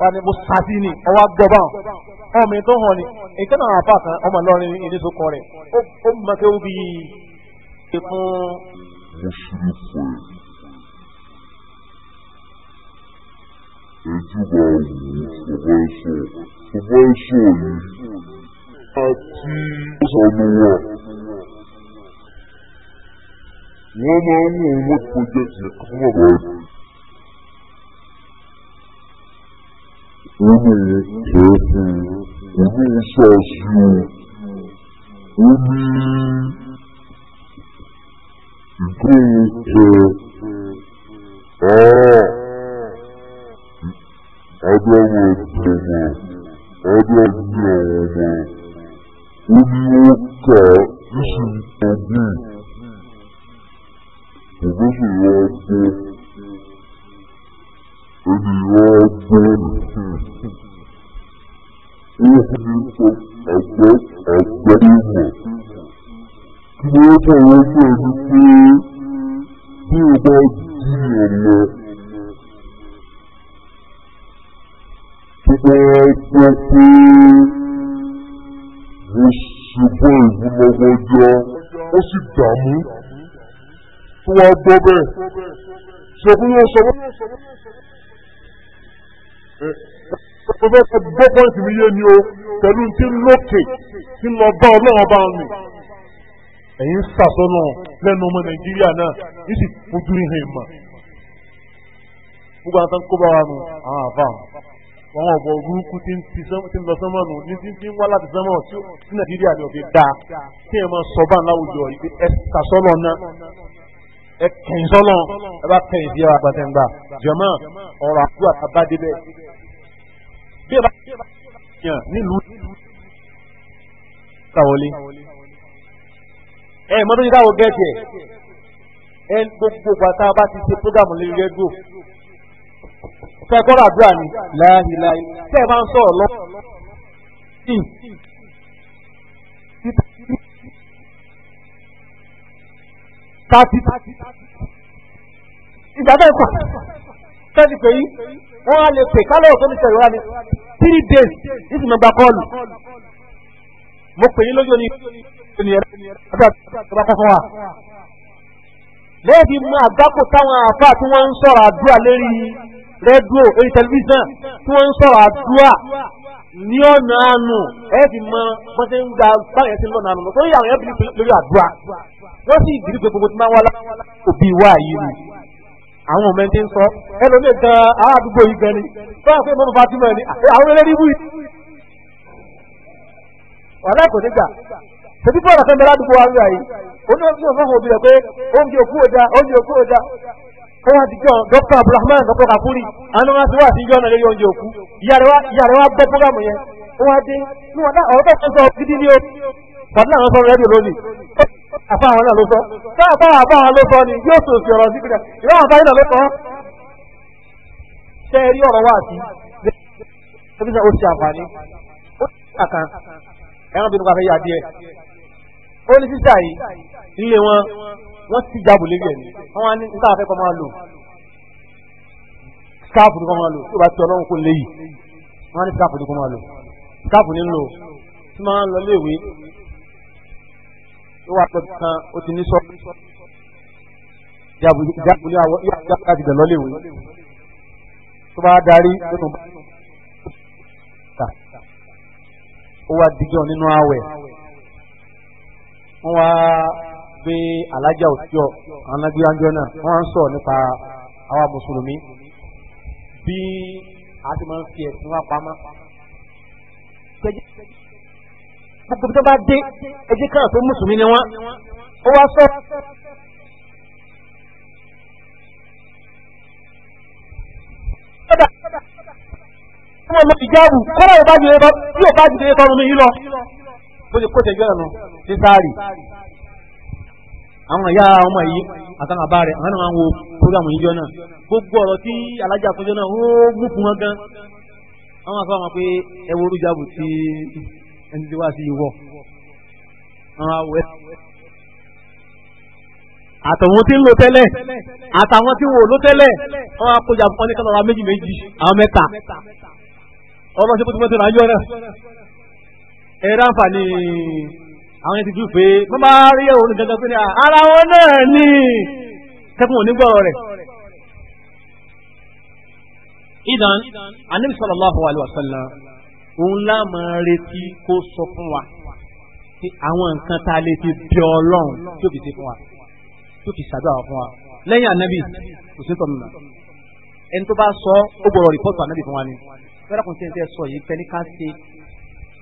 wọn ni mo sasi ni ọwọ agbọba ọmọ mi tó hàn ni nǹkan náà àfa kan ọmọ lọrin ìdíso kan rẹ ó mọ kí ó bí i fún. ejúbà wù bàbá ẹsọ bàbá ẹsọ yìí àti ìsànù wa wọn máa ń wọ wọn pọjẹtì kí wọn bá yẹ. Umur Tepe, Umur to Umur Gote, A, Adama Tama, Adama Yama, Umur Ka, Isin Tabi, Umur Yama, tó wá gbọ́ bẹ́ẹ̀ ṣe fún yóò sọ mo fẹ́ kọ gbọ́ pọ́ǹtì mi yé ni o pẹ̀lú ti lókè ti lọ bá ọlọ́run bá mi. ẹ̀yin sàtọ́nà lẹ́nu ọmọ nàìjíríà náà yìí sì fojú ìhìn mọ̀. gbogbo àtàn kó bá wa nù àwọn àfa wọn ọ̀bọ̀ burúkú ti ń lọ sánmọ̀ nù ní ti ń wá láti sánmọ̀ sí nàìjíríà ni òfin dáa kí ẹ máa sọ bá láwùjọ yìí ẹ sàtọ́nà náà ẹ kẹ̀yìn sọ́nà ẹ bá kẹ̀yìn sí ẹ wà gbàtẹ́ngbà jọ̀mọ́ ọ̀rọ̀ àkúrò àtàbádébẹ̀ bí ẹ bá yàn nílùú káwọlé ẹ mọ́tò yìí káwọ gẹ́ẹ̀tì ẹ ẹ gbogbo bàtà bá ti ṣe prógámù lórí rẹ́díò fẹ́ kọ́ àdúrà ni láàyèláyè tẹ́ ẹ bá ń sọ̀rọ̀ lọ. Tati. Ìgbà bẹ́ẹ̀ kọ̀. Tẹ́lifẹ̀ yìí wọ́n á lè pè kálọ̀ tó ní sẹ̀rọ̀ ni three days nítorí mo gba kọ́ọ̀lù mo pè yín lójú ní ènìyàn ọjọ́ ìjọba kọ́ fún wa. lẹ́yìn mú àgbákò táwọn àáfàá tí wọ́n ń sọ̀rọ̀ àdúrà lérí rédíò lórí tẹlifíṣàn tí wọ́n ń sọ̀rọ̀ àdúrà ní ọ̀nà àánú ẹ fi mọ wọ́n ti ń gba báyọ̀ ẹ lọ́nà àánú lọ́sọ̀rọ̀ yàrá yẹn lórí àdúrà wọ́n sì gírí gbogbo tí máa ń wá láti òbí wa yìí àwọn ọmọ ẹni ń sọ ẹlòmíì gan ará àdúgbò yìí gan ni báwọn fẹ́ mọ́mọ́ fatima ni ah, àwọn ẹlẹ́ni wí. wàhálà kò ní gbà tẹbi bọ́ọ̀lù kan bẹ́ẹ̀ ládùúgbò wa gbà yìí oní ọdún yóò fọwọ́ pé oúnjẹ òkú ọjà oúnjẹ òkú ọjà ó jọ abdulrahman dókítà kakuri sí lórí oúnjẹ òkú gbọ́ fúgàmù yẹn ó dé ní ọ̀rọ̀ àfáwọn náà ló sọ táàfáwọn àfáwọn ló sọ ni yóò sọ sí ọ̀rọ̀ síbi rẹ̀ ìwọ́n àfáwọn náà ló sọ ṣe rí ọ̀rọ̀ wá sí ẹbí sọ ó ti àǹfààní ó ti àkàn ẹran bínú káfẹ́ yá díẹ̀ ó ní sísá yìí ilé wọn wọ́n ti jábò lórí ẹ̀mí wọ́n á ní níta àfẹ́ kọ́ máa lò skáàpù ni kọ́ máa lò tó bá ti ọlọ́run kò léyìí wọ́n á ní skáàpù ni kọ́ máa lò skáàpù ni lò tí máa ń lọ léèwé ó wà pẹ̀lú kan ó ti ní sọ jábùlé àwọn yóò já láti bẹ̀ lọ́lé ìwé tó bá darí nínú bá ta ó wá dijọ́ nínú àwẹ̀ wọ́n wá gbé alájà òtíọ́ àwọn agbéyànjọ́ náà wọ́n á ń sọ̀rọ̀ nípa àwa mùsùlùmí bí a ti máa ń fi ẹ̀sìn wa pamọ́ gbogbo tó bá dé ẹjẹ́ káà pé mùsùlùmí ni wọ́n ó wá sọ. ọmọ ọmọ ìjáàbù kọ́lá yóò bá ju ẹbọ tí yóò bá ju ẹbọ mi yìí lọ bó ṣe kó tẹ̀jú ẹ̀ nù sí sáárì. àwọn ìyá ọmọ yìí àtàwọn àbá rẹ̀ àwọn náà wọ́n wo programu yíjọ náà gbogbo ọ̀rọ̀ tí alájà fúnjọ náà ó mú fún wọn gan. àwọn àfọwọ́n pé ẹ wo olùjáàbù ti ẹni tí wá sí ìwọ. àtàwọn tí ń lo tẹ́lẹ̀ àtàwọn tí wò ló tẹ́lẹ̀ wọ́n á kójà fún ọ ní kálọ̀ra méjì méjì àwọn mẹ́ta ọlọ́sẹ̀ tó ti mọ́tò náà yọ náà ẹ̀rọ àǹfààní àwọn ẹ̀tìjú pé wọ́n bá rí ẹ̀rùn gangan pé ara wọn náà ní tẹ́kùn onígbọ̀rọ̀ rẹ̀ idan anabi sallallahu alaihi wasallam òun la máa retí kó sọ fún wa pé àwọn nǹkan tá a lè fi bí ọlọ́run tí ó fi ṣe fún wa tí ó fi ṣàdúrà fún wa lẹ́yìn ànábì kò sí tọ́nu nà ẹni tó bá sọ ó gbọ́dọ̀ rìpọ́tù ànábì fún wa ni fẹ́rẹ́ kùn sí ẹni tẹ́ sọ yìí fẹ́ ní ká ṣe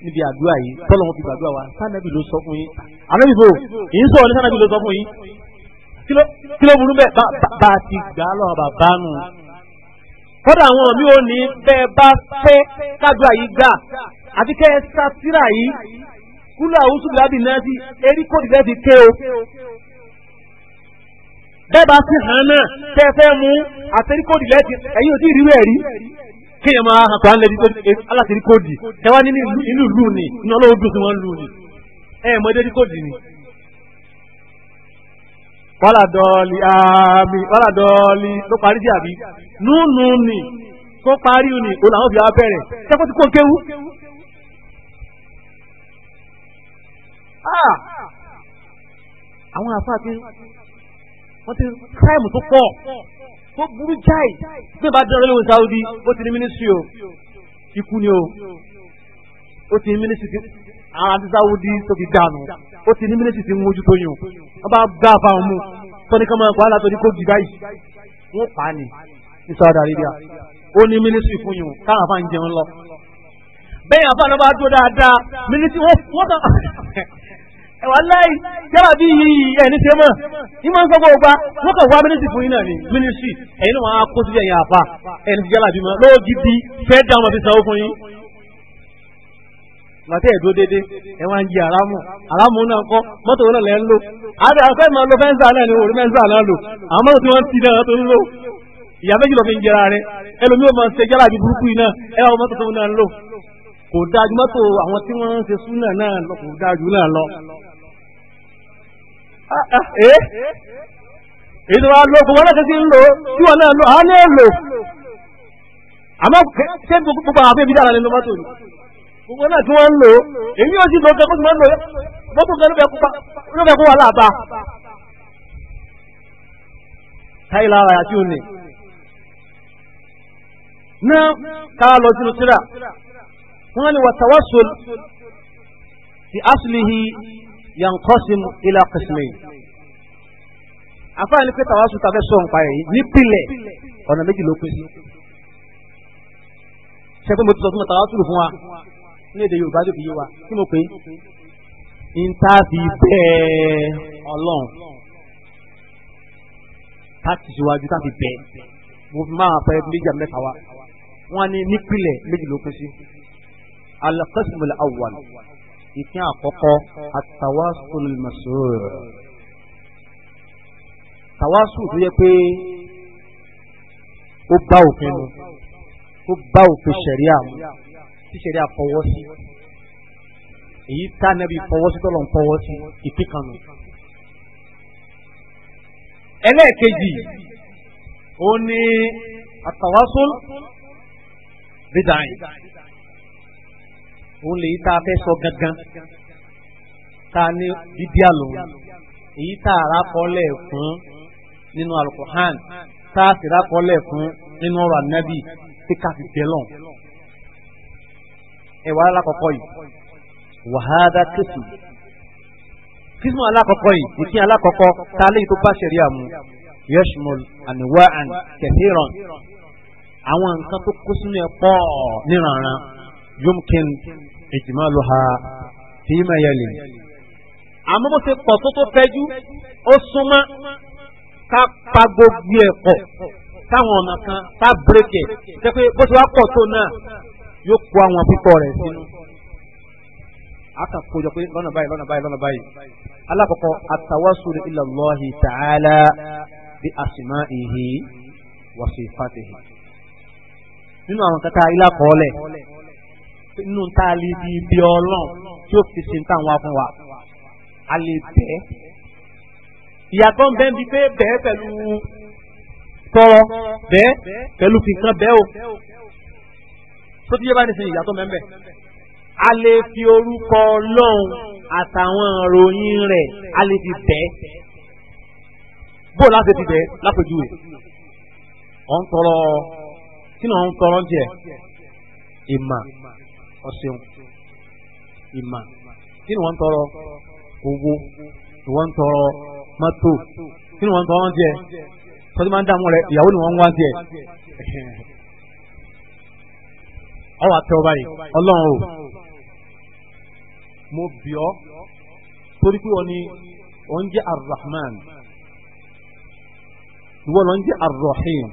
níbi àdúrà yìí tọ́lọ́ wọn fi gbàdúrà wa sànàbì ló sọ fún yín ànábì bò yìí sọ̀rọ̀ ní sànàbì ló sọ fún yín kí ló burú bẹ́ẹ̀ bá a ti gbà á bàbá nù kọ́dà àwọn mi ò ní bẹ́ẹ̀ bá fẹ́ kájọ àyí gbà àti kẹ́ ẹ sá síra yìí kúlọ̀ àwùjọ gbàdì náà sí erékòdì rẹ̀ ti ké o. bẹ́ẹ̀ bá sí hàn náà kẹ́ ẹ fẹ́ mú àtẹríkòdì rẹ̀ ti ẹ̀yìn ò tí ẹ̀ rí kéèyàn máa hàn kó à ń lẹ́ni alátẹríkòdì ẹ wá nínú ìlú ni iná olóòdùn tí wọ́n ń lù ni ẹ̀ mọ́ erékòdì ni wọ́lá dọ́ọ̀lì àmì wọ́lá dọ́ọ̀lì ló parí sí àbí nùnù ni. tó parí nì ó làwọn fi wá bẹ̀rẹ̀ sẹ́kọ́ tí kò kéwú. Ah! àwọn àfáà ti wọ́n ti kíráìmù tó pọ̀ tó burú jáì tó bá dán olóhùn Saudi ó ti ní mínísírì o ikú ni o ó ti ní mínísírì àwọn àti Saudi tó fi dànù ó ti ní mínísírì tí ń mójútó yìí o wọ́n bá gbá àfáà mú ní ká máa pa á látọ̀rí kó di báyìí wọ́n pa á ní ní Saudi Arabia ó ní mínísírì fún yìí káwọn afá ń jẹun lọ. bẹ́ẹ̀ afá náà bá dúró dáadáa mínísírì wọ́n tán ẹ̀wà láì yára bí ẹ̀ ní tẹ́mọ̀ ní máa ń sọ́gbọ́ ọgbà wọ́n kàn wá mínísírì fún yín náà ní mínísírì ẹ̀yin náà wọ́n á kó síbi ẹ̀yìn àfà ẹ̀ ní ti yára bí mọ́ lóògì bí fẹ́ẹ́ dáhùn àti gbàtẹ́ ẹ̀dúró dédé ẹ wá ń jí àrámù àrámù náà kọ́ mọ́tò náà lẹ́ ń lò àti àfẹ́ máa lo fẹ́ǹsà náà ni òrí fẹ́ǹsà náà lò àwọn mọ́tò tí wọ́n ti náà tó ń lò ìyá méjì lọ fi ń jẹra rẹ ẹlòmíì máa ń ṣe jẹ́ra àbí burúkú yìí náà ẹ wá mọ́tò tó náà ń lò kò dájú mọ́tò àwọn tí wọ́n ń ṣe súnà náà lọ kò dájú náà lọ. Ah, ah, eh? èyí tó wá lò kò wọ́n náà ṣe ti ń lò tí wọ́n náà lò àwọn náà lò àmọ́ gbogbo àwọn abẹ́bí dára nínú mọ́tò ni gbogbo náà tí wọ́n ń lò ó èyí ò sì lọ kẹ́kọ̀ọ́ tí wọ́n ń lò ó mọ́tò kan ló fẹ́ kó wà láàbà táyì lára àti òní náà ká lọ sínú síra wọ́n ní wàtàwásùl ti asùlìhì yankosim ilà kìsìmì àfáàní pé tàwásùl tàbẹ́ sọ̀ nípa èyí nípìnlẹ̀ ọ̀nà méjì ló pèsè ṣẹ́gun mo ti sọ fún mi tàwásùl fún wa ní èdè Yorùbá tó fi yé wa kí mo pè é ntafi bẹ́ẹ̀ ọlọ́run láti ṣíwájú táfi bẹ́ẹ̀ mo fi máa fẹ́ méjì mẹ́ta wa wọ́n ní nípìnlẹ̀ méjì ló pín sí al-qismul awwal ìpín àkọ́kọ́ at-tawasul masrur tawasu tó yẹ pé ó bá òfin mu ó bá òfin ṣẹ̀ríà mu tíṣẹ̀rí àfọwọ́ sí èyí tá nẹ́bí fọwọ́ sí tọ́lọ̀ ń fọwọ́ sí ìpín kan nù. ẹlẹ́ẹ̀kejì ó ní àtàwásùn bídàáyì òun lè yí tá a fẹ́ sọ gangan tá a ní bíbí àlòun èyí tá a rà fún nínú alukuhan tá a sì rà kọ́lẹ̀ fún nínú ọ̀rọ̀ ànábì tí ká fi bẹ́ẹ̀ lọ́n ẹ̀wà alákọ̀ọ́kọ́ yìí wàhádà kìsù kìsù alákọ̀ọ́kọ́ yìí ìpín alákọ̀ọ́kọ́ ta lẹ́yìn tó bá ṣẹ̀rí àmú yashmul anwa'an kathiran àwọn nǹkan tó kó sínú ẹ̀ pọ̀ níranran yomkin ijmaluha fima yali àmọ́ bó ṣe pọ̀ tó tó fẹ́jú ó súnmọ́ ká pa gbogbo ẹ̀ pọ̀ káwọn ọ̀nà kan ká bírèkì jẹ́ pé bó ṣe wá pọ̀ tó náà yóò kó àwọn pípọ̀ rẹ̀ sínú akàkójọ pé lọ́nà báyìí lọ́nà báyìí lọ́nà báyìí alákọ̀ọ́kọ́ àtàwásùrù ila Allahi ta'ala bi asma'ihi wa sifatihi nínú àwọn kata ilá kọ́ọ̀lẹ̀ nínú tá a lè di ibi ọlọ́run tí ó fi ṣe ń tàn wá wa a lè bẹ́ẹ̀ ìyàtọ̀ bẹ́ẹ̀ bíi pé bẹ́ẹ̀ pẹ̀lú tọrọ bẹ́ẹ̀ pẹ̀lú fìkan bẹ́ẹ̀ o tó ti yé báyìí nísìnyí ìyàtọ̀ mẹ́mbẹ́ a lè fi orúkọ ọlọ́run àtàwọn ìròyìn rẹ̀ a lè fi tẹ̀ bó láti fi tẹ̀ lápèjúwe ọ̀ ń tọrọ kí ni ọ̀ ń tọrọ jẹ ìmà ọ̀sẹ̀hún ìmà kí ni wọ́n ń tọrọ owó ni wọ́n ń tọrọ mọ́tò kí ni wọ́n ń tọrọ oúnjẹ tọ́jú máa ń dààmú rẹ ìyàwó ni wọ́n ń wá oúnjẹ ọwọ́ àtẹ ọba yìí ọlọ́run o mo bì ọ́ torí pé wọ́n ní wọ́n jẹ́ arrahman ìwọ lọ́n jẹ́ arrahim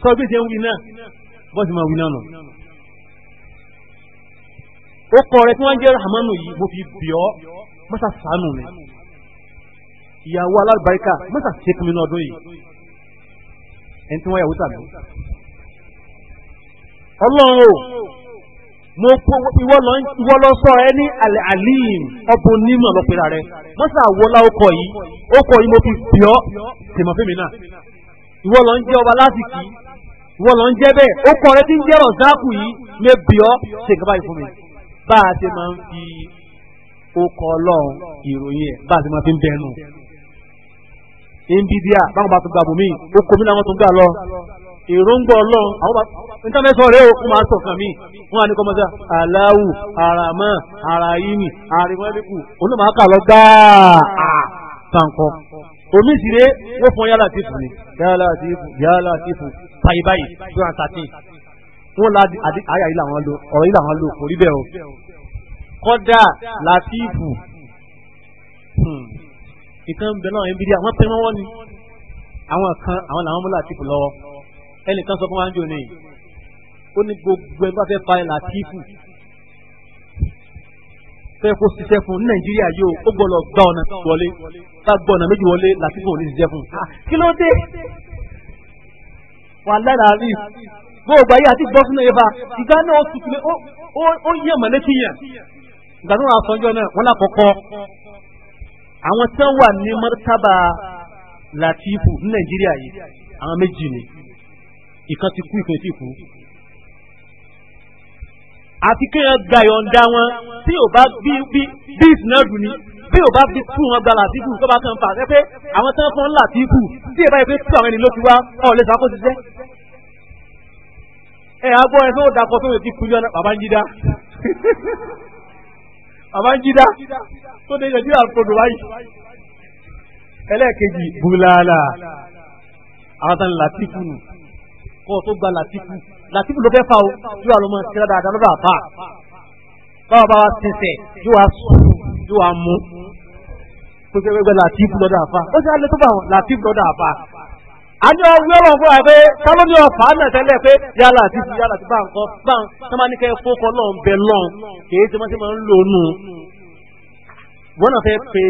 sọ bí jẹ́ wí náà bọ́sì máa wí náà nù. ó kọ́ rẹ tí wọ́n jẹ́ rahmanu yìí mo fi bì ọ́ mọ́sá sànù mi ìyàwó alábàríkà mọ́sá ṣèkú náà ọdún yìí ẹni tí wọ́n yàwó tàbí. ọlọ́run o mo kó ìwọ lọ sọ ẹ ní alim ọbọ onímọ̀ lọ́pẹ̀rẹ̀ rẹ mọ́sà wọlá ọkọ̀ yìí ọkọ̀ yìí mo fi fi ọ́ tèmọ̀ fún mi náà ìwọ lọ ń jẹ́ ọba lásìkí ìwọ lọ ń jẹ́ bẹ́ẹ̀ ọkọ̀ rẹ ti ń jẹ́ ọ̀záàkù yìí lè bí ṣe nǹkan báyìí fún mi bá a ṣe máa ń fi ọkọ̀ ọlọ́run ìròyìn ẹ̀ bá a ṣe máa fi ń bẹ́ẹ̀ nù. nbda bá tún gbà bùnmí ọkọ̀ mi tún gbà lọ èròǹgbà ọlọ́run àwọn ìtànẹ́sọ̀ rẹ̀ òkú máa sọ̀kan mí wọn àní kọmọ́sá aláwù àràmọ́ àràyìnì àrìmọ́lẹ́kù olùmọ̀ọ́kà lọ gbáà tàǹkọ́ omi ìsìrè wọ́n fún yálà tí fún ni yálà tí fún yálà tí fún báyìí báyìí tó yàn sàtì wọn la àyà ilà wọn lò ọ̀rọ̀ ilà wọn lò kò rí bẹ́ẹ̀ o kọ́dà látìfù hmm. ìkan bẹ̀rẹ̀ àwọn ẹbí dí àwọn pẹ́ẹ́mọ́wọ́ ni àwọn kan àwọn làwọn mú látìfù lọ́wọ́ ẹnìkan sọ fún wa ń jò ní ó ní gbogbo ẹni bá fẹ́ fa ilà tífù fẹ́ kó ṣiṣẹ́ fún nàìjíríà yóò ó gbọ́dọ̀ gba ọ̀nà wọlé bá gba ọ̀nà méjì wọlé làtífù ò ní ṣiṣẹ́ fún ah, kí ló dé wà lára rí gbogbo ayé àti gbọ́ sínú ẹ̀fà ìgbà náà ó yẹ mọ̀lẹ́kì yẹn ìgbà náà àsọjọ́ náà wọ́n lákọ̀ọ́kọ́ àwọn tí wọ́n wà ní mọ́tábà làtífù ní nàìjíríà yìí àwọn méjì ni ìkan ti kú ìkan ti kú àti kéèyàn gba ìyọ̀ǹda wọn tí ò bá bí bí bí ìsìnà dùn ni bí ò bá fi tú wọn gba làtífù tó bá kàn fà á pé àwọn tán fún làtífù tí ìbá yẹ pé tú àwọn ẹni ló ti wá ọ̀ lè sàkó ti jẹ́. ẹ á gbọ́ ẹ tó dàpọ̀ tó lè ti kúnjọ́ náà bàbá ń jí bàbá ń jí tó dé nàìjíríà kodò wáyé. ẹlẹ́ẹ̀kejì bùlàlà àwọn tán làtífù nù kọ́ tó gba làtífù làtífù ló fẹ́ fa o yóò wá lọ mọ síra dáadáa lọ́dọ̀ àbá báwa bá wa sẹsẹ yóò wá sùn yóò wá mú pépé pépé làtífù lọ́dọ̀ àbá ó sì alẹ́ tó bá wọn làtífù lọ́dọ̀ àbá a ní ọwọ́ ọ̀rọ̀ fún wa pé kálọ́ ní ọ̀fà náà tẹ́lẹ̀ pé yálà àti ti yálà ti bá ń kọ́ bá ń tọ́ máa ní kẹ́ fókọ́ lọ́n bẹ lọ́n kì í ti máa ti máa ń lò nù. wọ́n náà fẹ́ pé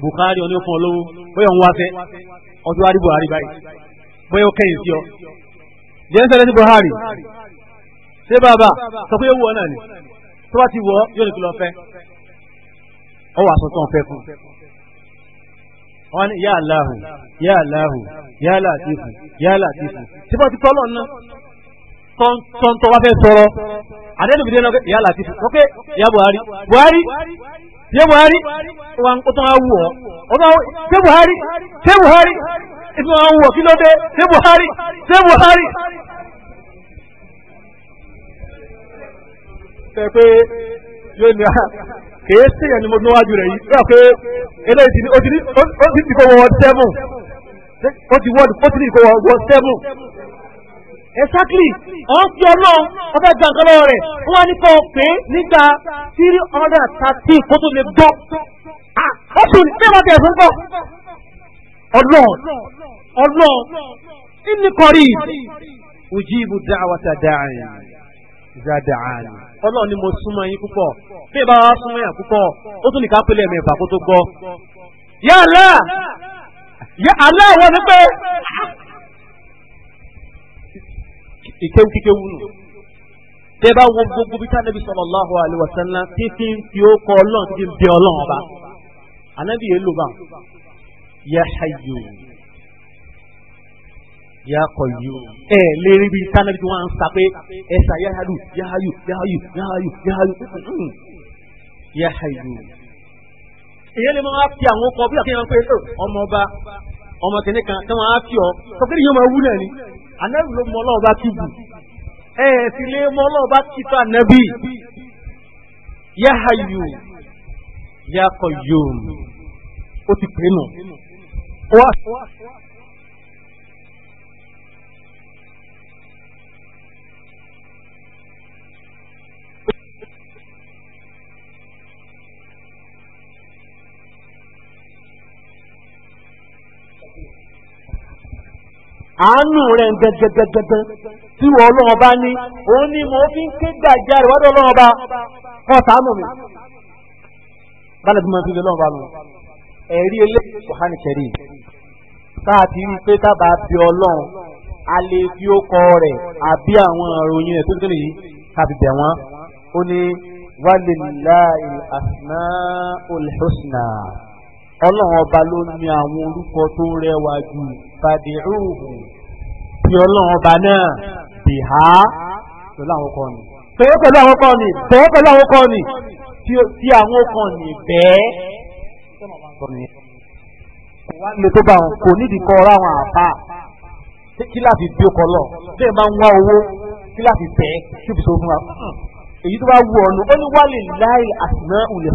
Buhari onífọ̀ọ́ lówó bóyá òun wá fẹ́ ọdún wa rí Buhari bóyá ó kẹ́yìn sí ọ. jẹ́nsẹ̀lẹ́ ti Buhari ṣé bàbá sọ pé owó náà ni tó bá ti wọ̀ ọ́ yóò ní kí lọ fẹ́ ọ wà sọ tó ń fẹ́ fún wọn ni yá aláhùn yá aláhùn yá láàtìfù yá láàtìfù tí bá ti tọ́ lọ́nà tọ́ntọ́ wá fẹ́ sọ̀rọ̀ àdẹ́nubìdé náà yá láàtìfù ok yá Buhari Buhari yá Buhari wọn kó tán á wù ọ́ ọ̀nà ṣé Buhari ṣé Buhari ìfún àwọn wọ̀ kí ló dé ṣé Buhari ṣé Buhari. ṣe pé yóò ní a ah, kèé sí ẹni mo níwájú rẹ̀ yìí bí wà pé eléyìí ti ní ó ti ti kó wọ sẹ́mù ó ti wọ́ọ̀dù ó ti ní kó wọ sẹ́mù. exactly ọ̀n ti ọlọ́run ọba gbàǹkan lọ́wọ́ rẹ̀ wọ́n wá ní kó pé nígbà three hundred thirteen kó tó lè gbọ́. Ah, ó sì ní bí wọ́n ti ẹ̀sùn kọ́ ọlọ́run ọlọ́ọ̀ inni qarib ujibu da'wata da'i iza da'ani ọlọ́ọ̀ ni mo súnmọ́ yín púpọ̀ bí ẹ bá wá súnmọ́ yín púpọ̀ ó tún nìkan pélé ẹ̀mí ìfà kó tó gbọ́. ya Allah ya Allah wọ́n ní pé ìkéwù kíkéwù nù tẹ́ bá wo gbogbo bí tánàbí sallallahu alaihi wasallam tí fi ń ó kọ ọlọ́run tí ń bẹ ọlọ́run ọba ànábì yẹn ló bá yẹ hayyu yà kọ yìí ẹ lérí bíi tánàbí tí wọn ń sa pé ẹsà yahayu yahayu yahayu yahayu yahayu hmm. yahayu. ìyẹn lè máa fi àwọn ọkọ bí àkínyàn pé ọmọọba ọmọ kìnní kan tí wọn á fi ọ sọkẹ́ni yóò máa wú náà ni anabi ló mọ ọlọ́ọ̀bá ti bù ẹ ẹ sì lè mọ ọlọ́ọ̀bá ti tó anabi yahayu yakọ yòòm ti pè nù. àánú rẹ̀ ń gẹ́gẹ́gẹ́gẹ́ tí wọ́n ọlọ́run bá ní òun ni mò ń fi ń ké gbàjà rẹ̀ wọ́dọ̀ ọlọ́run bá kọ́ sàánù mi. bálẹ̀ bí mo ti lè bá lọ ẹ̀rí eléyìí sọ̀hánì kẹrì káàtì rí pé tábà bí ọlọ́run a lè fi ókọ rẹ̀ àbí àwọn ìròyìn rẹ̀ tó tẹ̀lé yìí káàbì bẹ̀ wọ́n ó ní walillahi al-asma'ul husna ọlọ́run ọba ló ní àwọn orúkọ tó rẹwà jù fàdíhùhù tí ọlọ́run ọba náà bìhá pẹ̀lú àwọn ọkọ ni tẹ̀wọ́ pẹ̀lú àwọn ọkọ ni tẹ̀wọ́ pẹ̀lú àwọn ọkọ ni tí àwọn ọkọ ni bẹ́ẹ̀ wá lè tó bá wọn kò nídìí kọ ọ́rọ́ àwọn àbá kí láti bí ọkọ lọ bẹ́ẹ̀ máa ń wá owó kí láti bẹ́ẹ̀ síbi tó fún wa hmm. èyí tó bá wù ọ́ nù ó ní wálé láì àsìná òlẹ̀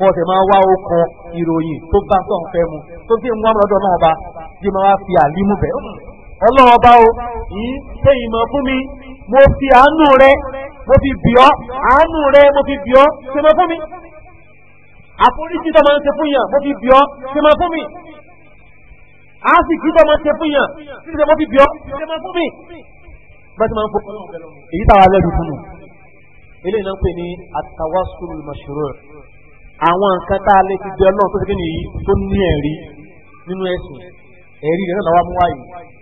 kọ́ọ̀tẹ̀ máa wá okọ ìròyìn tó bá sọ̀n fẹ́ mu tó fi ń wá lọ́dọ̀ náà bá bí máa wá fi àlímù bẹ̀. ọlọ́run ọba o yìí sẹ́yìn mọ̀ fún mi mo fi àánú rẹ mo fi bì ọ́ àánú rẹ mo fi bì ọ́ ṣe mọ̀ fún mi. àforíjì tó máa ń ṣe fún yàn mo fi bì ọ́ ṣe mọ̀ fún mi. àásìkí tó máa ń ṣe fún yàn ṣe mo fi bì ọ́ ṣe mọ̀ fún mi. bá a ti máa ń fọ èyí táwa lẹ́nu fún mi eléyìí náà ń pè ní àtàwásùlù màṣúrò àwọn nǹkan tá a lè fi bẹ ọlọ́run tó ṣe kíni yìí tó ní ẹ̀rí nínú ẹ̀sìn ẹ̀rí rẹ̀ náà wà mú wáyé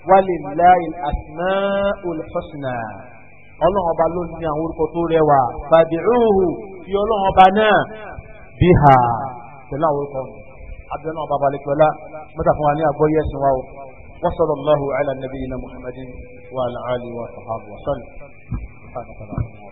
walillahi al-asmaul husna ọlọ́run ọba ló ní àwọn orúkọ tó rẹwà fad'uhu fi ọlọ́run ọba náà biha pẹ̀lú àwọn orúkọ mi abdul náà bàbá alẹ́ kíọ́lá mọ́tà fún wa ní àgbọ́yé ẹ̀sìn wa o wa sallallahu ala nabiyyina muhammadin